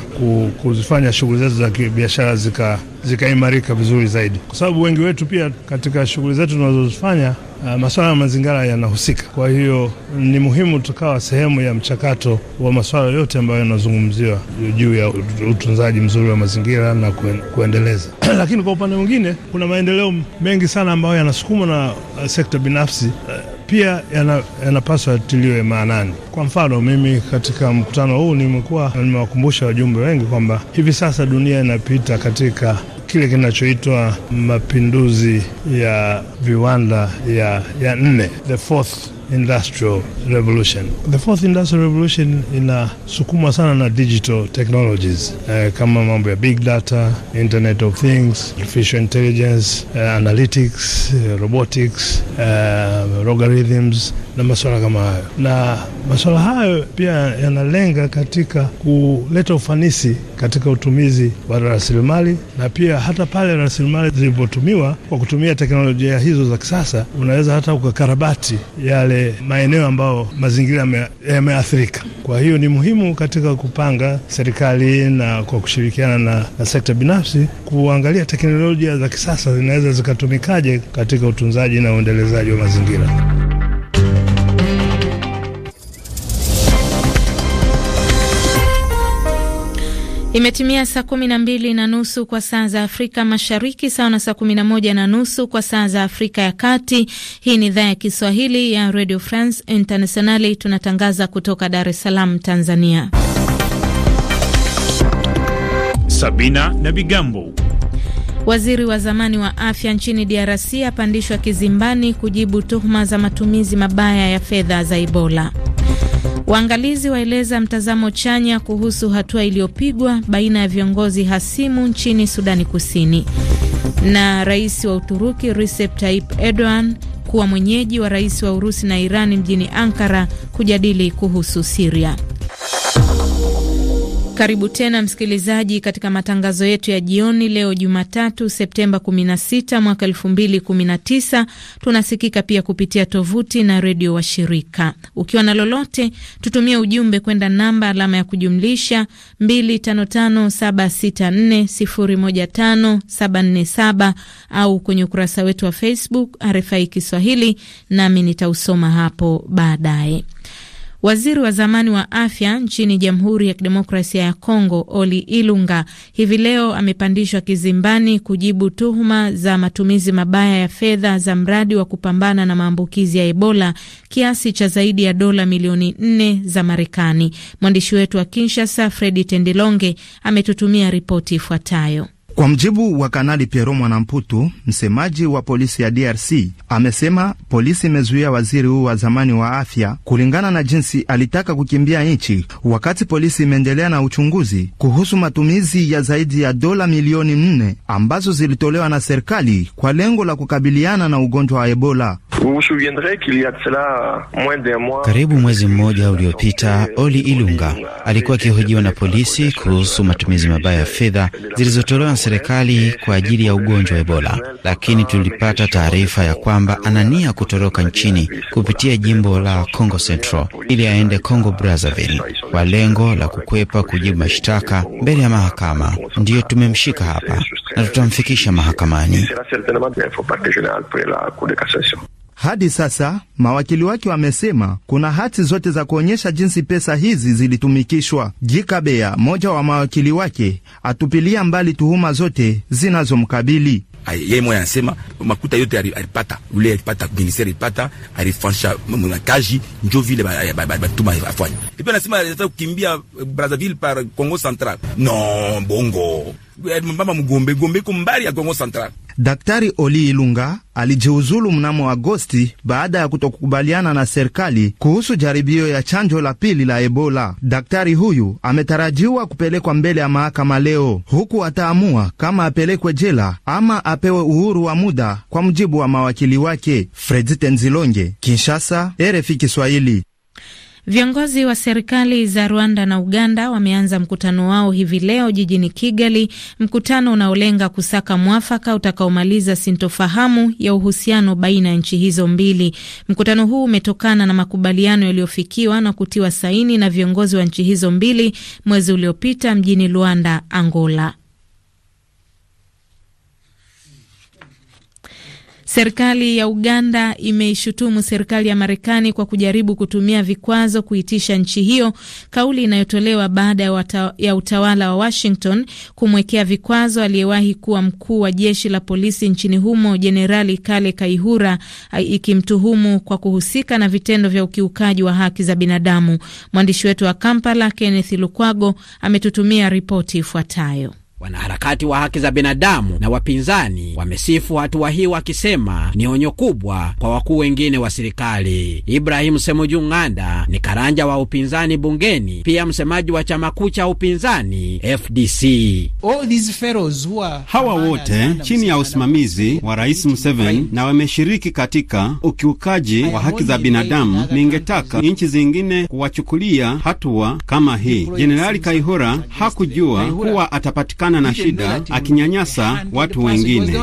kuzifanya shughuli zetu za kibiashara zika zikaimarika vizuri zaidi, kwa sababu wengi wetu pia katika shughuli zetu tunazozifanya Uh, masuala ya mazingira yanahusika. Kwa hiyo ni muhimu tukawa sehemu ya mchakato wa masuala yote ambayo yanazungumziwa juu ya utunzaji mzuri wa mazingira na kuendeleza. Lakini kwa upande mwingine, kuna maendeleo mengi sana ambayo yanasukumwa na uh, sekta binafsi uh, pia yanapaswa yana tiliwe maanani. Kwa mfano, mimi katika mkutano huu nimekuwa nimewakumbusha wajumbe wengi kwamba hivi sasa dunia inapita katika kile kinachoitwa mapinduzi ya viwanda ya, ya nne, the fourth industrial revolution. The fourth industrial revolution inasukumwa sana na digital technologies uh, kama mambo ya big data, internet of things, artificial intelligence, uh, analytics, uh, robotics, uh, logarithms na masuala kama hayo, na masuala hayo pia yanalenga katika kuleta ufanisi katika utumizi wa rasilimali, na pia hata pale rasilimali zilivyotumiwa kwa kutumia teknolojia hizo za kisasa, unaweza hata ukakarabati yale maeneo ambayo mazingira yameathirika. Kwa hiyo ni muhimu katika kupanga serikali na kwa kushirikiana na, na sekta binafsi kuangalia teknolojia za kisasa zinaweza zikatumikaje katika utunzaji na uendelezaji wa mazingira. Imetimia saa kumi na mbili na nusu kwa saa za Afrika Mashariki, sawa na saa kumi na moja na nusu kwa saa za Afrika ya Kati. Hii ni idhaa ya Kiswahili ya Radio France Internationali, tunatangaza kutoka Dar es Salaam, Tanzania. Sabina na Bigambo. Waziri wa zamani wa afya nchini DRC apandishwa kizimbani kujibu tuhuma za matumizi mabaya ya fedha za Ebola. Waangalizi waeleza mtazamo chanya kuhusu hatua iliyopigwa baina ya viongozi hasimu nchini Sudani Kusini. Na rais wa Uturuki Recep Tayyip Erdogan kuwa mwenyeji wa rais wa Urusi na irani mjini Ankara kujadili kuhusu Siria. Karibu tena msikilizaji, katika matangazo yetu ya jioni leo Jumatatu, Septemba 16 mwaka 2019. Tunasikika pia kupitia tovuti na redio washirika. Ukiwa na lolote, tutumie ujumbe kwenda namba alama ya kujumlisha 255764015747 au kwenye ukurasa wetu wa Facebook RFI Kiswahili, nami nitausoma hapo baadaye. Waziri wa zamani wa afya nchini Jamhuri ya Kidemokrasia ya Kongo, Oli Ilunga, hivi leo amepandishwa kizimbani kujibu tuhuma za matumizi mabaya ya fedha za mradi wa kupambana na maambukizi ya Ebola kiasi cha zaidi ya dola milioni nne za Marekani. Mwandishi wetu wa Kinshasa, Fredi Tendelonge, ametutumia ripoti ifuatayo. Kwa mjibu wa Kanali Piero Mwanamputu, msemaji wa polisi ya DRC, amesema polisi imezuia waziri huu wa zamani wa afya kulingana na jinsi alitaka kukimbia nchi, wakati polisi imeendelea na uchunguzi kuhusu matumizi ya zaidi ya dola milioni nne ambazo zilitolewa na serikali kwa lengo la kukabiliana na ugonjwa wa Ebola. Karibu mwezi mmoja uliopita, Oli Ilunga alikuwa akihojiwa na polisi kuhusu matumizi mabaya ya fedha zilizotolewa na serikali kwa ajili ya ugonjwa wa Ebola, lakini tulipata taarifa ya kwamba ana nia kutoroka nchini kupitia jimbo la Congo Central ili aende Congo Brazzaville kwa lengo la kukwepa kujibu mashtaka mbele ya mahakama. Ndiyo tumemshika hapa na tutamfikisha mahakamani. Hadi sasa mawakili wake wamesema kuna hati zote za kuonyesha jinsi pesa hizi zilitumikishwa. Jikabea, mmoja wa mawakili wake, atupilia mbali tuhuma zote zinazomkabili yeye mwenye anasema makuta yote alipata ule alipata ministeri alipata njo vile batuma afanya. anasema kukimbia Brazzaville par Congo Central. Non, bongo mama Mgombe Gombe iko mbali ya Kongo Central. Daktari Oli Ilunga alijiuzulu mnamo Agosti baada ya kutokukubaliana na serikali kuhusu jaribio ya chanjo la pili la Ebola. Daktari huyu ametarajiwa kupelekwa mbele ya mahakama leo, huku ataamua kama apelekwe jela ama apewe uhuru wa muda, kwa mujibu wa mawakili wake. Fredi Tenzilonge, Kinshasa, RFI Kiswahili. Viongozi wa serikali za Rwanda na Uganda wameanza mkutano wao hivi leo jijini Kigali, mkutano unaolenga kusaka mwafaka utakaomaliza sintofahamu ya uhusiano baina ya nchi hizo mbili. Mkutano huu umetokana na makubaliano yaliyofikiwa na kutiwa saini na viongozi wa nchi hizo mbili mwezi uliopita mjini Luanda, Angola. Serikali ya Uganda imeishutumu serikali ya Marekani kwa kujaribu kutumia vikwazo kuitisha nchi hiyo, kauli inayotolewa baada ya utawala wa Washington kumwekea vikwazo aliyewahi kuwa mkuu wa jeshi la polisi nchini humo Jenerali Kale Kaihura, ikimtuhumu kwa kuhusika na vitendo vya ukiukaji wa haki za binadamu. Mwandishi wetu wa Kampala, Kenneth Lukwago, ametutumia ripoti ifuatayo. Wanaharakati wa haki za binadamu na wapinzani wamesifu hatua hii wakisema ni onyo kubwa kwa wakuu wengine wa serikali. Ibrahimu Semuju Ng'anda ni karanja wa upinzani bungeni, pia msemaji wa chama kuu cha upinzani FDC. Hawa wote chini ya usimamizi wa Rais Museveni na wameshiriki katika ukiukaji wa haki za binadamu. Ningetaka nchi zingine kuwachukulia hatua kama hii. Jenerali Kaihura hakujua kuwa atapatikana anakutana na shida akinyanyasa watu wengine.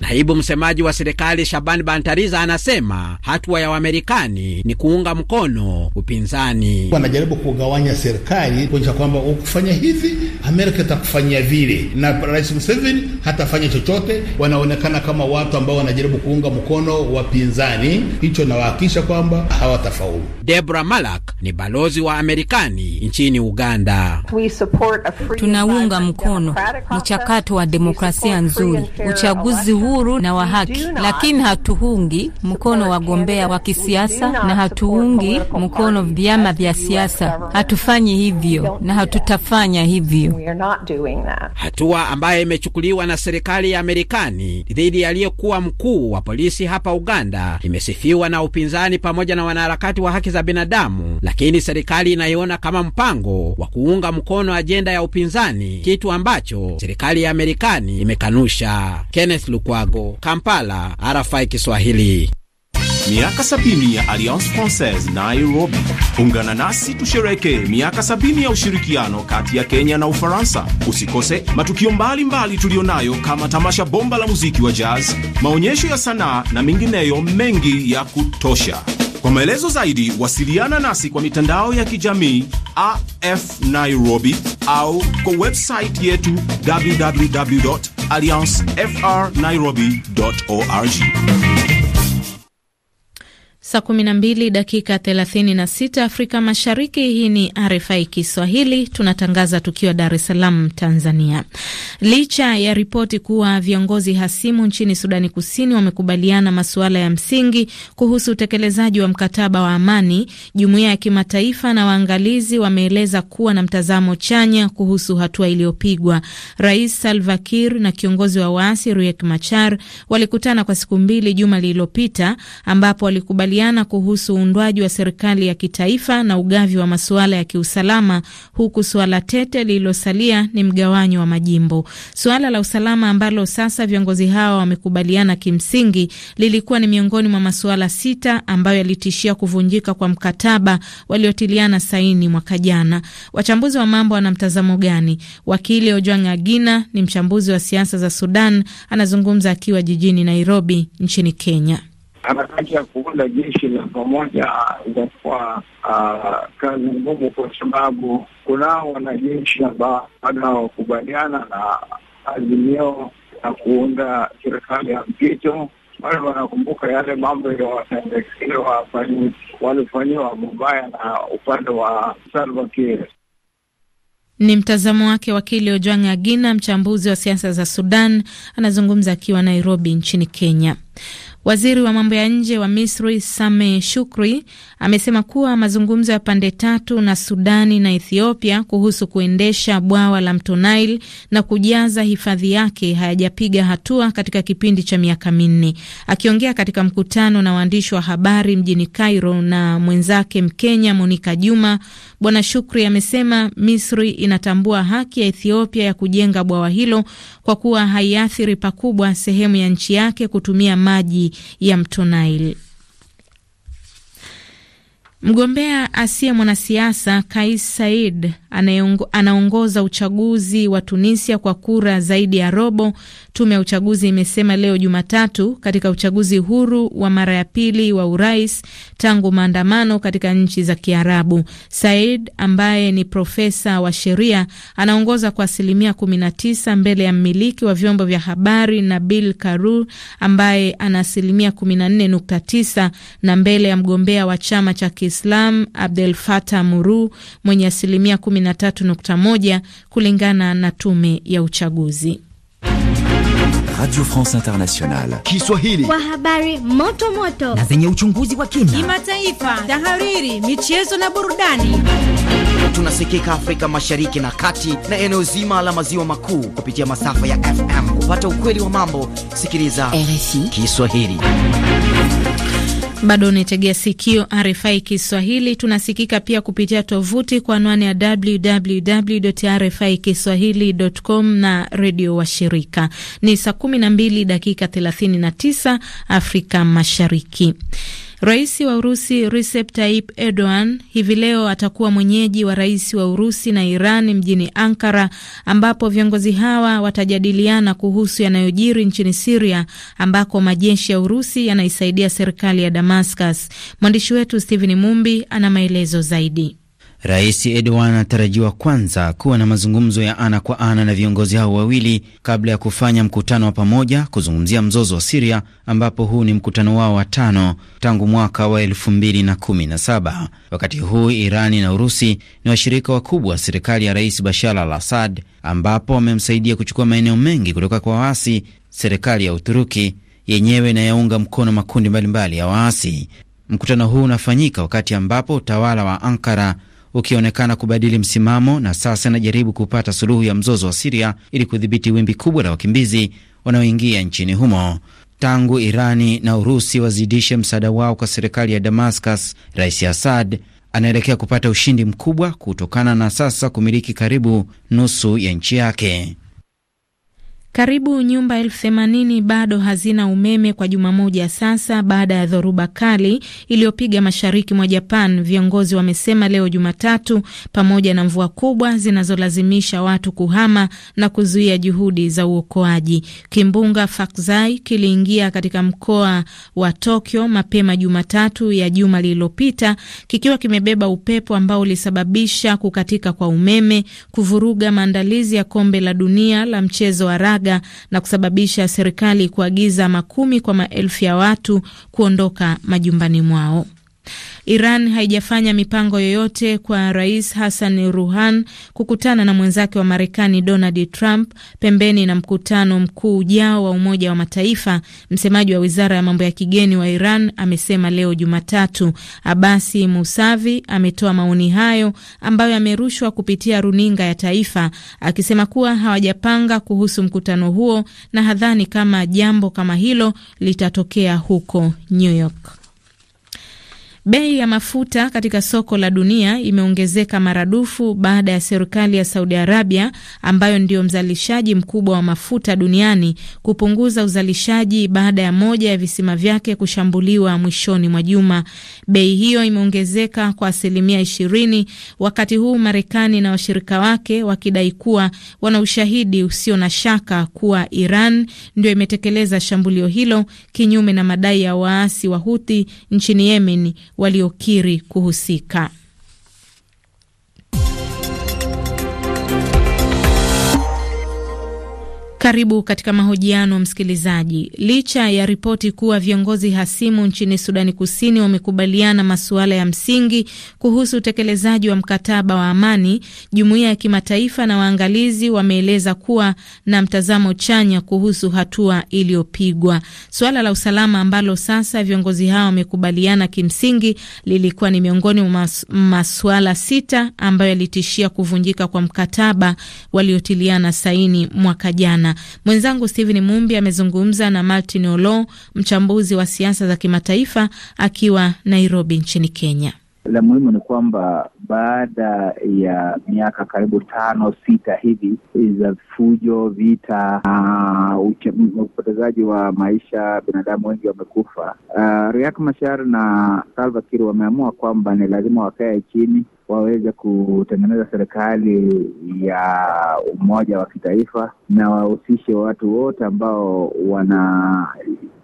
Naibu msemaji wa serikali Shaban Bantariza anasema hatua ya wamerikani ni kuunga mkono upinzani. Wanajaribu kugawanya serikali kuonyesha kwamba ukufanya hivi Amerika itakufanyia vile, na Rais Museveni hatafanya chochote. Wanaonekana kama watu ambao wanajaribu kuunga mkono wapinzani, hicho nawahakikisha kwamba hawatafaulu. Debra Malak ni balozi wa Amerikani nchini Uganda. We support a free Tunaunga kuunga mkono mchakato wa demokrasia nzuri, uchaguzi huru na wa haki, lakini hatuungi mkono wagombea wa kisiasa na hatuungi mkono vyama vya siasa. Hatufanyi hivyo na hatutafanya hivyo. Hatua ambayo imechukuliwa na serikali ya Marekani dhidi ya aliyekuwa mkuu wa polisi hapa Uganda imesifiwa na upinzani pamoja na wanaharakati wa haki za binadamu, lakini serikali inaiona kama mpango wa kuunga mkono ajenda ya upinzani kitu ambacho serikali ya Marekani imekanusha. Kenneth Lukwago, Kampala, RFI Kiswahili miaka sabini ya Alliance Francaise Nairobi. Ungana nasi tusherekee miaka sabini ya ushirikiano kati ya Kenya na Ufaransa. Usikose matukio mbalimbali tuliyonayo kama tamasha bomba la muziki wa jazz, maonyesho ya sanaa na mengineyo mengi ya kutosha. Kwa maelezo zaidi wasiliana nasi kwa mitandao ya kijamii AF Nairobi au kwa website yetu www org Saa 12 dakika 36 Afrika Mashariki. Hii ni RFI Kiswahili, tunatangaza tukiwa Dar es Salaam, Tanzania. Licha ya ripoti kuwa viongozi hasimu nchini Sudani Kusini wamekubaliana masuala ya msingi kuhusu utekelezaji wa mkataba wa amani, jumuiya ya kimataifa na waangalizi wameeleza kuwa na mtazamo chanya kuhusu hatua iliyopigwa. Rais Salva Kiir na kiongozi wa waasi Riek Machar walikutana kwa siku mbili juma lililopita, ambapo walikubaliana kujadiliana kuhusu uundwaji wa serikali ya kitaifa na ugavi wa masuala ya kiusalama, huku suala tete lililosalia ni mgawanyo wa majimbo. Suala la usalama ambalo sasa viongozi hawa wamekubaliana kimsingi lilikuwa ni miongoni mwa masuala sita ambayo yalitishia kuvunjika kwa mkataba waliotiliana saini mwaka jana. Wachambuzi wa mambo wana mtazamo gani? Wakili Ojwang Agina ni mchambuzi wa siasa za Sudan, anazungumza akiwa jijini Nairobi nchini Kenya harakati ya kuunda jeshi la pamoja itakuwa uh, ah, kazi ngumu, kwa sababu kunao wanajeshi ambao bado hawakubaliana na azimio na kuunda serikali ya mpito. Wale wanakumbuka yale mambo ya yaliyowatendekewa walifanyiwa mubaya na upande wa Salva Kiir. Ni mtazamo wake wakili Ojwang Agina, mchambuzi wa siasa za Sudan, anazungumza akiwa Nairobi nchini Kenya. Waziri wa mambo ya nje wa Misri same Shukri amesema kuwa mazungumzo ya pande tatu na Sudani na Ethiopia kuhusu kuendesha bwawa la mto Nile na kujaza hifadhi yake hayajapiga hatua katika kipindi cha miaka minne. Akiongea katika mkutano na waandishi wa habari mjini Cairo na mwenzake Mkenya monika Juma, Bwana Shukri amesema Misri inatambua haki ya Ethiopia ya kujenga bwawa hilo kwa kuwa haiathiri pakubwa sehemu ya nchi yake kutumia maji ya mto Nile. Mgombea asiye mwanasiasa Kais Said anaongoza uchaguzi wa Tunisia kwa kura zaidi ya robo, tume ya uchaguzi imesema leo Jumatatu, katika uchaguzi huru wa mara ya pili wa urais tangu maandamano katika nchi za Kiarabu. Said ambaye ni profesa wa sheria anaongoza kwa asilimia 19 mbele ya mmiliki wa vyombo vya habari Nabil Karu ambaye ana asilimia 14.9 na mbele ya mgombea wa chama cha Kiislam Abdel Fatah Muru mwenye asilimia 13.1 kulingana na tume ya uchaguzi. Radio France Internationale Kiswahili kwa habari moto moto na zenye uchunguzi wa kina, kimataifa, tahariri, michezo na burudani. Tunasikika Afrika Mashariki na Kati na eneo zima la maziwa makuu kupitia masafa ya FM. Kupata ukweli wa mambo, sikiliza RFI Kiswahili. Bado unaitegea sikio RFI Kiswahili. Tunasikika pia kupitia tovuti kwa anwani ya www RFI kiswahilicom na redio wa shirika Ni saa 12 dakika 39 Afrika Mashariki. Rais wa Urusi Recep Tayyip Erdogan hivi leo atakuwa mwenyeji wa rais wa Urusi na Iran mjini Ankara, ambapo viongozi hawa watajadiliana kuhusu yanayojiri nchini Siria, ambako majeshi ya Urusi yanaisaidia serikali ya Damascus. Mwandishi wetu Stephen Mumbi ana maelezo zaidi. Rais Edwan anatarajiwa kwanza kuwa na mazungumzo ya ana kwa ana na viongozi hao wawili kabla ya kufanya mkutano wa pamoja kuzungumzia mzozo wa Siria, ambapo huu ni mkutano wao wa tano tangu mwaka wa 2017. Wakati huu Irani na Urusi ni washirika wakubwa wa serikali ya Rais Bashar al Assad, ambapo wamemsaidia kuchukua maeneo mengi kutoka kwa waasi, serikali ya Uturuki yenyewe inayaunga mkono makundi mbalimbali mbali ya waasi. Mkutano huu unafanyika wakati ambapo utawala wa Ankara ukionekana kubadili msimamo na sasa inajaribu kupata suluhu ya mzozo wa Siria ili kudhibiti wimbi kubwa la wakimbizi wanaoingia nchini humo. Tangu Irani na Urusi wazidishe msaada wao kwa serikali ya Damascus, Rais Assad anaelekea kupata ushindi mkubwa kutokana na sasa kumiliki karibu nusu ya nchi yake. Karibu nyumba elfu themanini bado hazina umeme kwa juma moja sasa baada ya dhoruba kali iliyopiga mashariki mwa Japan, viongozi wamesema leo Jumatatu, pamoja na mvua kubwa zinazolazimisha watu kuhama na kuzuia juhudi za uokoaji. Kimbunga Faxai kiliingia katika mkoa wa Tokyo mapema Jumatatu ya juma lililopita kikiwa kimebeba upepo ambao ulisababisha kukatika kwa umeme, kuvuruga maandalizi ya kombe la dunia la mchezo wa Haga na kusababisha serikali kuagiza makumi kwa maelfu ya watu kuondoka majumbani mwao. Iran haijafanya mipango yoyote kwa Rais Hassan Ruhan kukutana na mwenzake wa Marekani Donald Trump pembeni na mkutano mkuu ujao wa Umoja wa Mataifa. Msemaji wa wizara ya mambo ya kigeni wa Iran amesema leo Jumatatu. Abasi Musavi ametoa maoni hayo ambayo yamerushwa kupitia runinga ya taifa, akisema kuwa hawajapanga kuhusu mkutano huo na hadhani kama jambo kama hilo litatokea huko New York. Bei ya mafuta katika soko la dunia imeongezeka maradufu baada ya serikali ya Saudi Arabia ambayo ndio mzalishaji mkubwa wa mafuta duniani kupunguza uzalishaji baada ya moja ya visima vyake kushambuliwa mwishoni mwa juma. Bei hiyo imeongezeka kwa asilimia ishirini, wakati huu Marekani na washirika wake wakidai kuwa wana ushahidi usio na shaka kuwa Iran ndio imetekeleza shambulio hilo kinyume na madai ya waasi wa Huthi nchini Yemen waliokiri kuhusika. Karibu katika mahojiano msikilizaji. Licha ya ripoti kuwa viongozi hasimu nchini Sudani Kusini wamekubaliana masuala ya msingi kuhusu utekelezaji wa mkataba wa amani, jumuiya ya kimataifa na waangalizi wameeleza kuwa na mtazamo chanya kuhusu hatua iliyopigwa. Suala la usalama ambalo sasa viongozi hao wamekubaliana kimsingi lilikuwa ni miongoni mwa masuala sita ambayo yalitishia kuvunjika kwa mkataba waliotiliana saini mwaka jana. Mwenzangu Steven Mumbi amezungumza na Martin Olo, mchambuzi wa siasa za kimataifa, akiwa Nairobi nchini Kenya. La muhimu ni kwamba baada ya miaka karibu tano sita hivi za fujo, vita, upotezaji wa maisha, binadamu wengi wamekufa. Uh, ah, Riak Mashar na Salva Kiir wameamua kwamba ni lazima wakae chini waweze kutengeneza serikali ya umoja wa kitaifa na wahusishe watu wote ambao wana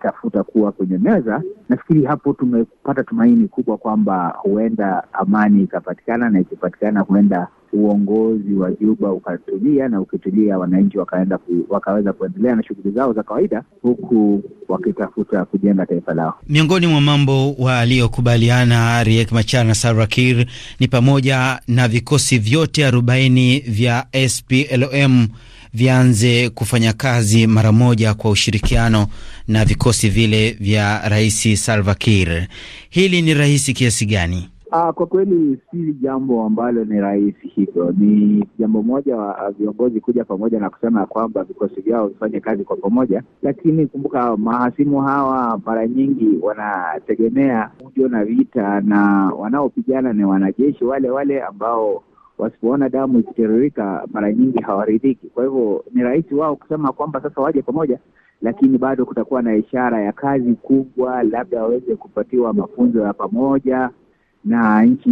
akitafuta kuwa kwenye meza, nafikiri hapo tumepata tumaini kubwa kwamba huenda amani ikapatikana, na ikipatikana huenda uongozi wa Juba ukatulia, na ukitulia wananchi wakaenda ku, wakaweza kuendelea na shughuli zao za kawaida huku wakitafuta kujenga taifa lao. Miongoni mwa mambo waliokubaliana Riek Machar na Salva Kiir ni pamoja na vikosi vyote arobaini vya SPLM vianze kufanya kazi mara moja kwa ushirikiano na vikosi vile vya Rais Salva Kiir. Hili ni rahisi kiasi gani? Aa, ah, kwa kweli si jambo ambalo ni rahisi hivyo. Ni jambo moja wa ah, viongozi kuja pamoja na kusema kwamba vikosi vyao vifanye kazi kwa pamoja, lakini kumbuka, mahasimu hawa mara nyingi wanategemea ujo na vita, na wanaopigana ni wanajeshi wale wale ambao wasipoona damu ikitiririka mara nyingi hawaridhiki. Kwa hivyo ni rahisi wao kusema kwamba sasa waje pamoja, lakini bado kutakuwa na ishara ya kazi kubwa, labda waweze kupatiwa mafunzo ya pamoja na nchi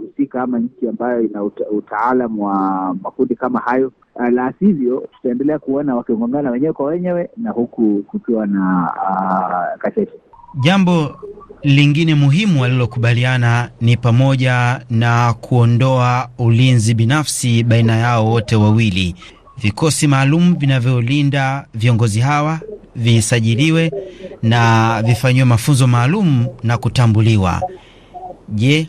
husika ama nchi ambayo ina uta, wa makundi kama hayo. Ah, la sivyo tutaendelea kuona wakigongana wenyewe kwa wenyewe na huku kukiwa na uh, kasheshe. Jambo lingine muhimu walilokubaliana ni pamoja na kuondoa ulinzi binafsi baina yao wote wawili. Vikosi maalum vinavyolinda viongozi hawa visajiliwe na vifanyiwe mafunzo maalum na kutambuliwa. Je,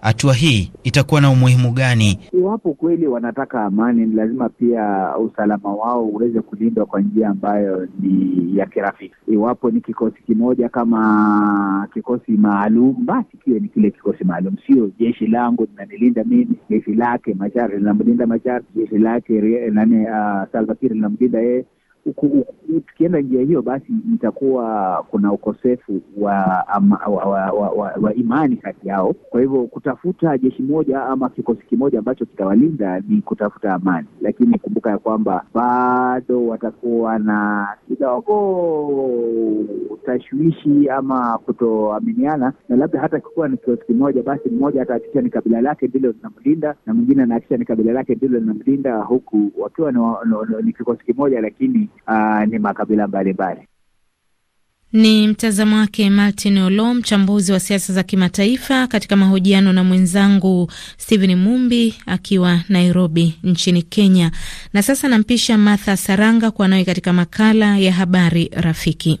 Hatua hii itakuwa na umuhimu gani? Iwapo kweli wanataka amani, ni lazima pia usalama wao uweze kulindwa kwa njia ambayo ni ya kirafiki. Iwapo ni kikosi kimoja kama kikosi maalum, basi kiwe ni kile kikosi maalum, sio jeshi langu linanilinda mimi, jeshi lake Machar linamlinda Machar, jeshi lake nani, uh, Salva Kiir linamlinda yeye tukienda njia hiyo, basi itakuwa kuna ukosefu wa, ama, wa, wa, wa, wa, wa imani kati yao. Kwa hivyo kutafuta jeshi moja ama kikosi kimoja ambacho kitawalinda ni kutafuta amani, lakini kumbuka ya kwamba bado watakuwa na kidogo tashwishi ama kutoaminiana, na labda hata kikuwa ni kikosi kimoja, basi mmoja atahakikisha ni kabila lake ndilo linamlinda na mwingine anahakikisha ni kabila lake ndilo linamlinda, huku wakiwa ni kikosi kimoja lakini uh, ni makabila mbalimbali. Ni mtazamo wake Martin Olo, mchambuzi wa siasa za kimataifa, katika mahojiano na mwenzangu Stephen Mumbi akiwa Nairobi nchini Kenya. Na sasa nampisha Martha Saranga kuwa nawe katika makala ya habari rafiki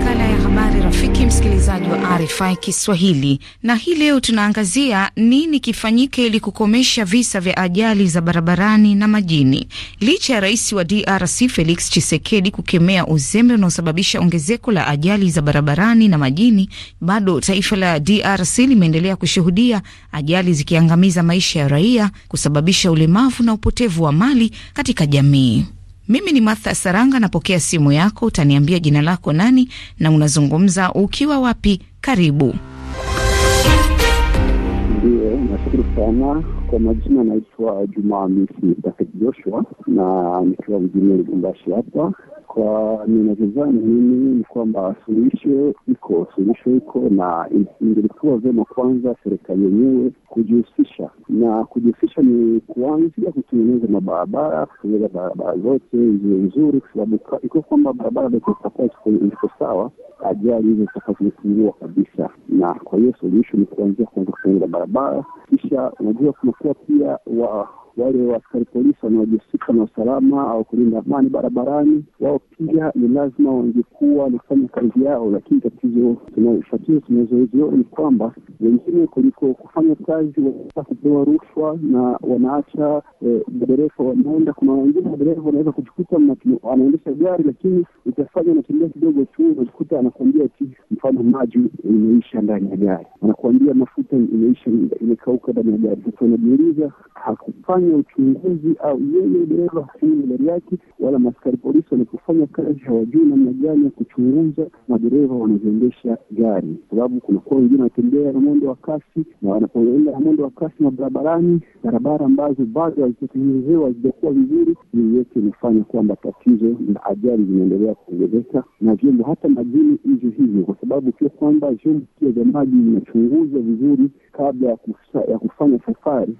rafiki msikilizaji wa RFI Kiswahili, na hii leo tunaangazia nini kifanyike ili kukomesha visa vya ajali za barabarani na majini. Licha ya rais wa DRC Felix Tshisekedi kukemea uzembe unaosababisha ongezeko la ajali za barabarani na majini, bado taifa la DRC limeendelea kushuhudia ajali zikiangamiza maisha ya raia, kusababisha ulemavu na upotevu wa mali katika jamii. Mimi ni Martha Saranga, napokea simu yako. Utaniambia jina lako nani na unazungumza ukiwa wapi? Karibu. Ndio, nashukuru sana kwa majina. Naitwa Jumaa Misi Joshua na nikiwa mjini Lubumbashi hapa kwa ninavyozani mimi ni kwamba suluhisho iko, suluhisho iko, na ingelikuwa vyema kwanza serikali yenyewe kujihusisha, na kujihusisha ni kuanzia kutengeneza mabarabara, kutengeneza barabara zote ziwe nzuri, kwa sababu ikiwa kwamba barabara itakuwa iko sawa, ajali hizo zitakuwa zimepungua kabisa. Na kwa hiyo suluhisho ni kuanzia kwanza kutengeneza barabara, kisha unajua kunakuwa pia wa wale askari polisi wanaojihusika na usalama au kulinda amani barabarani, wao pia ni lazima wangekuwa wanafanya kazi yao, lakini tatizo tunalofuatia tunazoeziona ni kwamba wengine kuliko kufanya kazi wanataka kupewa rushwa na wanaacha eh, madereva wanaenda. Kuna wengine madereva wanaweza kujikuta anaendesha gari, lakini utafanya anatembea kidogo tu unajikuta anakuambia ti, mfano maji imeisha ndani ya gari, anakuambia mafuta imeisha imekauka ndani ya gari. Sasa unajiuliza hakufanya kufanya uchunguzi au yeye dereva hafanyi gari yake, wala maskari polisi wanapofanya kazi hawajui namna gani ya kuchunguza madereva wanavyoendesha gari, sababu kunakuwa wengine wanatembea na mwendo wa kasi, na wanapoenda na mwendo wa kasi mabarabarani, barabara ambazo bado hazijatengenezewa hazijakuwa vizuri, hiyo yote imefanya kwamba tatizo na ajali zinaendelea kuongezeka, na vyombo hata majini hivyo hivyo, kwa sababu ukiwa kwamba vyombo vya maji vinachunguzwa vizuri kabla ya kufanya safari.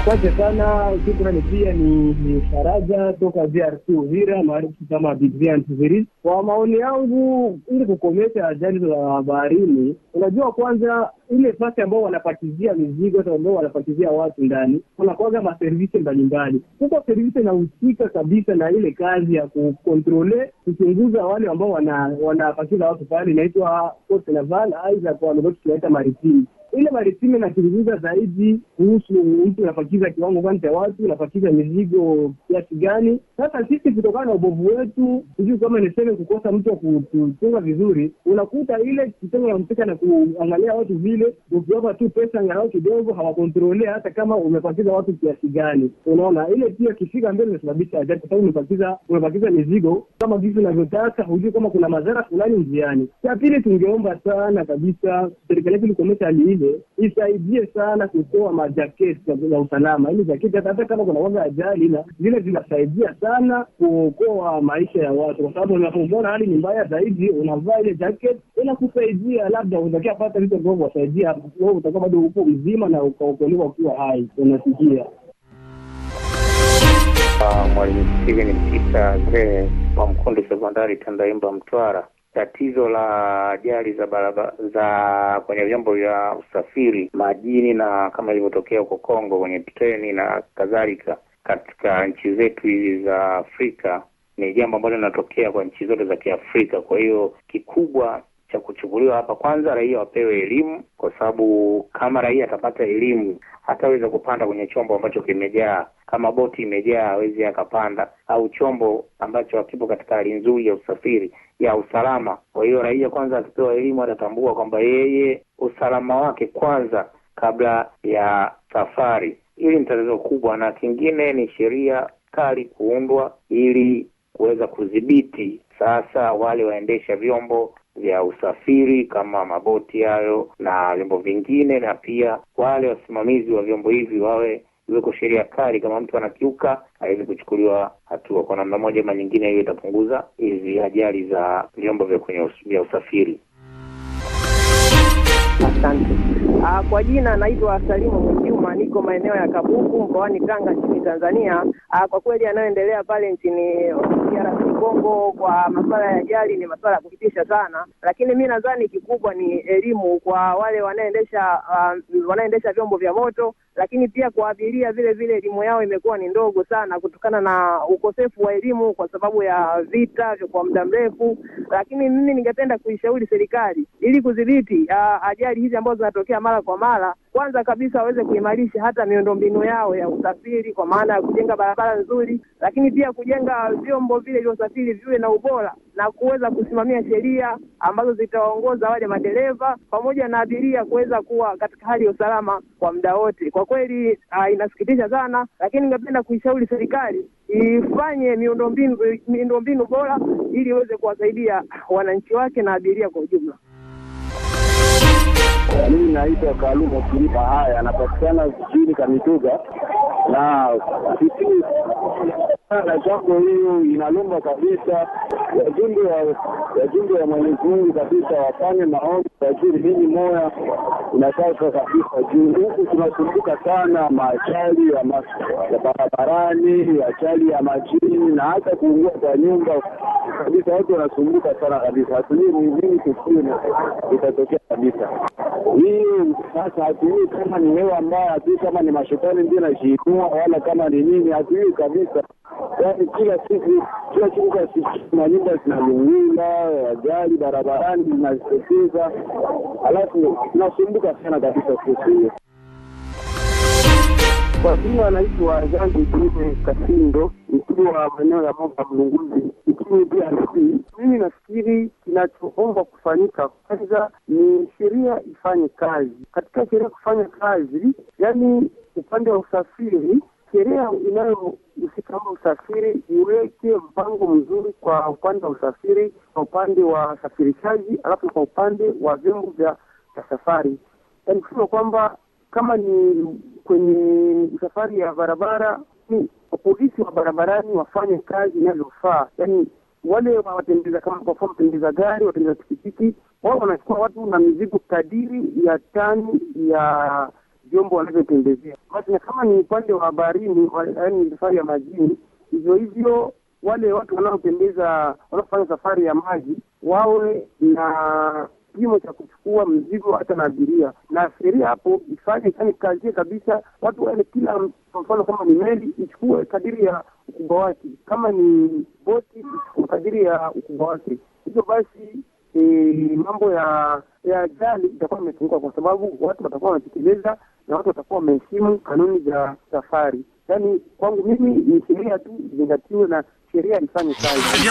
Asante sana. Shukrani pia ni, ni Faraja toka DRC Uvira, maarufu kama Series. Kwa maoni yangu, ili kukomesha ajali za baharini, unajua kwanza ile fasi ambao wanapatizia mizigo hata ambao wanapatizia watu ndani, kuna kwanza maservisi mbalimbali. Sasa servisi inahusika kabisa na ile kazi ya kukontrole, kuchunguza wale ambao wanapakiza wana watu pale, inaitwa Coast Naval, aidha kwa lugha tunaita maritime ile maritime inazungumza zaidi kuhusu mtu unapakiza kiwango gani cha watu, unapakiza mizigo kiasi gani. Sasa sisi kutokana na ubovu wetu, sijui kama niseme kukosa mtu wa kutuchunga vizuri, unakuta ile kitengo nahusika na kuangalia watu vile, ukiwapa tu pesa angalau kidogo, hawakontrolea hata kama umepakiza watu kiasi gani. Unaona ile pia kifika mbele inasababisha ajali, kwa sababu umepakiza umepakiza mizigo kama jinsi unavyotaka, hujui kama kuna madhara fulani njiani. Cha pili, tungeomba sana kabisa serikali yetu likomesha hali hizo isaidie sana kutoa majaketi ya usalama, ili yaani jaketi hata kama kunakuwaga ajali na zile zinasaidia sana kuokoa maisha ya watu, kwa sababu unapoona hali ni mbaya zaidi, unavaa ile jaketi inakusaidia, labda utakia pata vitu ambavyo wasaidia wewe, utakuwa bado uko mzima na ukaokolewa ukiwa hai, unasikia ah, Mwalimu Steven Mtita zee wa mkundu Sekondari Tandaimba, Mtwara tatizo la ajali za baraba, za kwenye vyombo vya usafiri majini na kama ilivyotokea huko Kongo kwenye treni na kadhalika, katika nchi zetu hizi za Afrika ni jambo ambalo linatokea kwa nchi zote za Kiafrika. Kwa hiyo kikubwa cha kuchukuliwa hapa, kwanza raia wapewe elimu, kwa sababu kama raia atapata elimu hataweza kupanda kwenye chombo ambacho kimejaa. Kama boti imejaa, awezi akapanda, au chombo ambacho akipo katika hali nzuri ya usafiri ya usalama. Kwa hiyo raia kwanza akipewa elimu atatambua kwamba yeye usalama wake kwanza kabla ya safari. Hili ni tatizo kubwa, na kingine ni sheria kali kuundwa ili kuweza kudhibiti sasa wale waendesha vyombo vya usafiri kama maboti hayo na vyombo vingine, na pia wale wasimamizi wa vyombo hivi wawe iweko sheria kali, kama mtu anakiuka aweze kuchukuliwa hatua. Kwa namna moja ama nyingine, hiyo itapunguza hizi ajali za vyombo vya kwenye vya usafiri. Asante. Aa, ah, kwa jina naitwa Salimu Mjuma, niko maeneo ya Kabuku mkoani Tanga nchini Tanzania. Aa, ah, kwa kweli yanayoendelea pale nchini DRC Kongo kwa masuala ya ajali ni masuala ya kusikitisha sana, lakini mi nadhani kikubwa ni elimu kwa wale wanaendesha uh, wanaendesha vyombo vya moto, lakini pia kwa abiria vile vile elimu yao imekuwa ni ndogo sana kutokana na ukosefu wa elimu kwa sababu ya vita kwa muda mrefu. Lakini mimi ningependa kuishauri serikali ili kudhibiti uh, ajali hizi ambazo zinatokea mara kwa mara kwanza kabisa waweze kuimarisha hata miundombinu yao ya usafiri, kwa maana ya kujenga barabara nzuri, lakini pia kujenga vyombo vile vya usafiri viwe na ubora na kuweza kusimamia sheria ambazo zitawaongoza wale madereva pamoja na abiria kuweza kuwa katika hali ya usalama kwa muda wote. Kwa kweli uh, inasikitisha sana, lakini ningependa kuishauri serikali ifanye miundombinu miundombinu bora ili iweze kuwasaidia wananchi wake na abiria kwa ujumla. Mimi naitwa Kaluma Kilipa. Haya, anapatikana jijini Kamituga na kitu na jambo hiyo inalomba kabisa wajumbe wa wajumbe wa Mwenyezi Mungu kabisa wafanye maombi kwa ajili hili moya inataka kabisa juu huku tunasumbuka sana maajali ya, ya barabarani, ajali ya majini na hata kuungua kwa nyumba kabisa, watu wanasumbuka sana kabisa, hatujui ni nini tukio itatokea kabisa. Hii sasa hatujui kama ni hewa mbaya, hatujui kama ni mashetani ndio nashiitua wala kama ni nini, hatujui kabisa. Yani kila siku kila siku kasikia manyumba zinalungula, ajali barabarani zinazitokeza, alafu tunasumbuka sana kabisa siku hiyo. Kwa vile anaitwa wa Zanzibar Kasindo, ikiwa maeneo ya Moba mlunguzi nchini DRC, mimi nafikiri kinachoomba kufanyika kwanza ni sheria ifanye kazi. Katika sheria kufanya kazi, yani upande wa usafiri sheria inayohusika kama usafiri iweke mpango mzuri kwa upande wa usafiri, kwa upande wa safirishaji alafu kwa upande wa vyombo vya safari, yaani kusema kwamba kama ni kwenye safari ya barabara, ni polisi wa barabarani wafanye kazi inavyofaa, yaani wale watembeza kama kwa mfano watembeza gari, watembeza pikipiki, wao wanachukua watu na mizigo kadiri ya tani ya vyombo wanavyotembezea. Basi na kama ni upande wa baharini, yani safari ya majini, hivyo hivyo wale watu wanaotembeza wanaofanya safari ya maji wawe na kimo cha kuchukua mzigo hata na abiria, na sheria hapo ifanye ifanye kazi kabisa, watu waende kila, kwa mfano kama ni meli ichukue kadiri ya ukubwa wake, kama ni boti ichukue kadiri ya ukubwa wake. Hivyo basi e, mambo ya ya ajali itakuwa imepunguka, kwa sababu watu watakuwa wanatekeleza na watu watakuwa wameheshimu kanuni za safari. Yani kwangu mimi ni sheria tu zingatiwe na sheria ifanye kazi.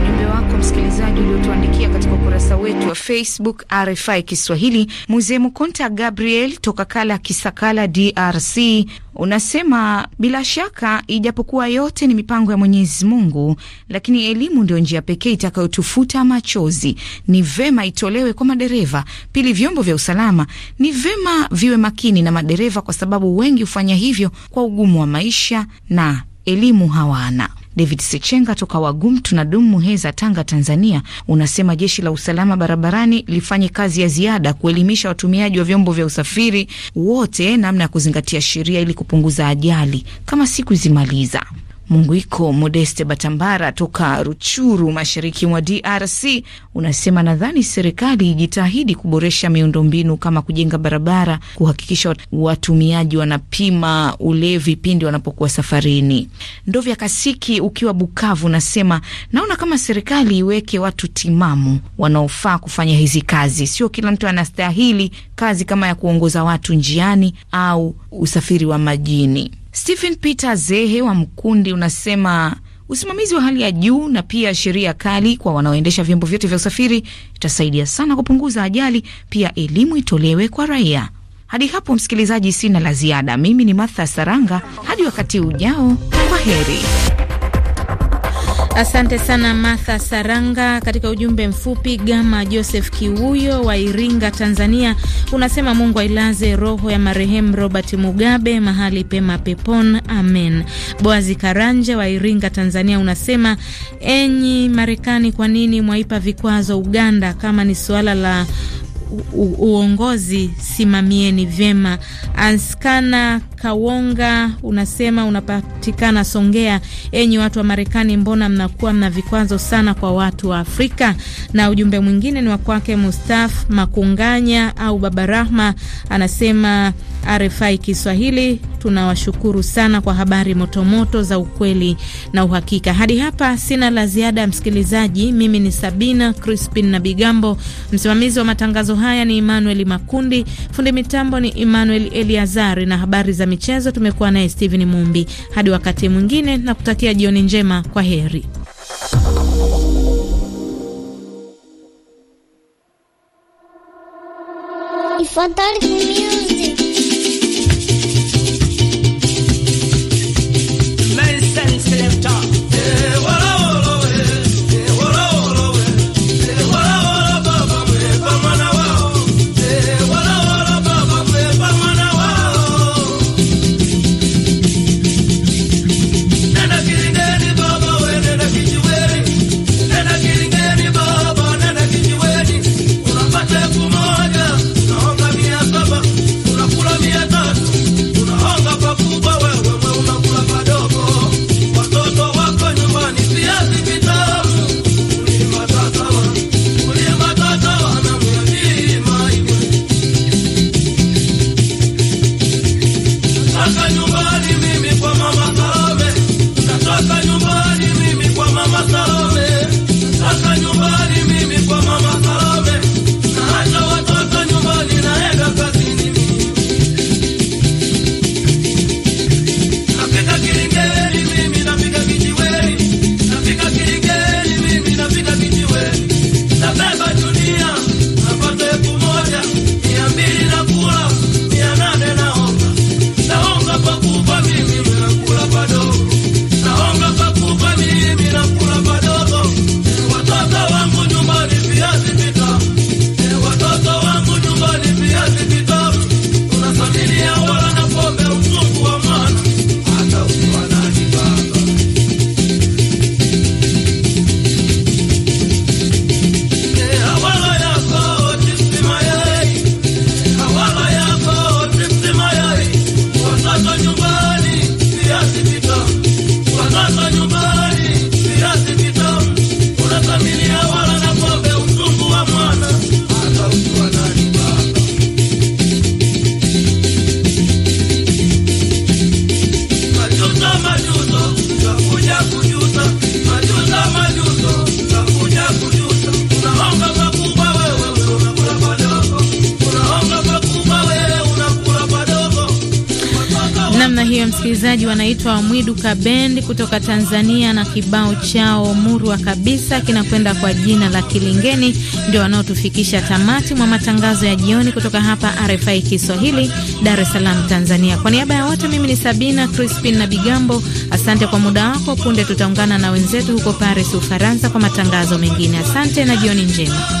wa Facebook RFI Kiswahili. Mzee Mkonta Gabriel toka Kala Kisakala, DRC, unasema bila shaka, ijapokuwa yote ni mipango ya Mwenyezi Mungu, lakini elimu ndio njia pekee itakayotufuta machozi. Ni vema itolewe kwa madereva. Pili, vyombo vya usalama ni vema viwe makini na madereva, kwa sababu wengi hufanya hivyo kwa ugumu wa maisha na elimu hawana. David Sechenga toka Wagum tunadum Muheza, Tanga, Tanzania, unasema jeshi la usalama barabarani lifanye kazi ya ziada kuelimisha watumiaji wa vyombo vya usafiri wote namna ya kuzingatia sheria ili kupunguza ajali kama siku zimaliza. Munguiko Modeste Batambara toka Ruchuru, mashariki mwa DRC, unasema nadhani serikali ijitahidi kuboresha miundombinu kama kujenga barabara, kuhakikisha watumiaji wanapima ulevi pindi wanapokuwa safarini. Ndovya Kasiki ukiwa Bukavu unasema naona kama serikali iweke watu timamu wanaofaa kufanya hizi kazi, sio kila mtu anastahili kazi kama ya kuongoza watu njiani au usafiri wa majini. Stephen Peter Zehe wa Mkundi unasema usimamizi wa hali ya juu na pia sheria kali kwa wanaoendesha vyombo vyote vya usafiri itasaidia sana kupunguza ajali. Pia elimu itolewe kwa raia. Hadi hapo, msikilizaji, sina la ziada. Mimi ni Martha Saranga, hadi wakati ujao, kwa heri. Asante sana Martha Saranga. Katika ujumbe mfupi, Gama Joseph Kiwuyo wa Iringa, Tanzania, unasema Mungu ailaze roho ya marehemu Robert Mugabe mahali pema pepon amen. Boazi Karanje wa Iringa, Tanzania, unasema enyi Marekani, kwa nini mwaipa vikwazo Uganda kama ni suala la u, uongozi simamieni vyema. Anskana Kawonga unasema unapatikana Songea. Enyi watu wa Marekani, mbona mnakuwa mna vikwazo sana kwa watu wa Afrika? Na ujumbe mwingine ni wa kwake Mustaf Makunganya au Baba Rahma anasema RFI Kiswahili tunawashukuru sana kwa habari motomoto za ukweli na uhakika. Hadi hapa sina la ziada ya msikilizaji. Mimi ni Sabina Crispin na Bigambo, msimamizi wa matangazo haya ni Emmanuel Makundi, fundi mitambo ni Emmanuel Eliazari, na habari za michezo tumekuwa naye Steven Mumbi. Hadi wakati mwingine, na kutakia jioni njema, kwa heri. nobody made me Star Band kutoka Tanzania na kibao chao murwa kabisa kinakwenda kwa jina la Kilingeni. Ndio wanaotufikisha tamati mwa matangazo ya jioni kutoka hapa RFI Kiswahili, Dar es Salaam, Tanzania. Kwa niaba ya wote, mimi ni Sabina Crispin na Bigambo. Asante kwa muda wako. Punde tutaungana na wenzetu huko Paris, Ufaransa, kwa matangazo mengine. Asante na jioni njema.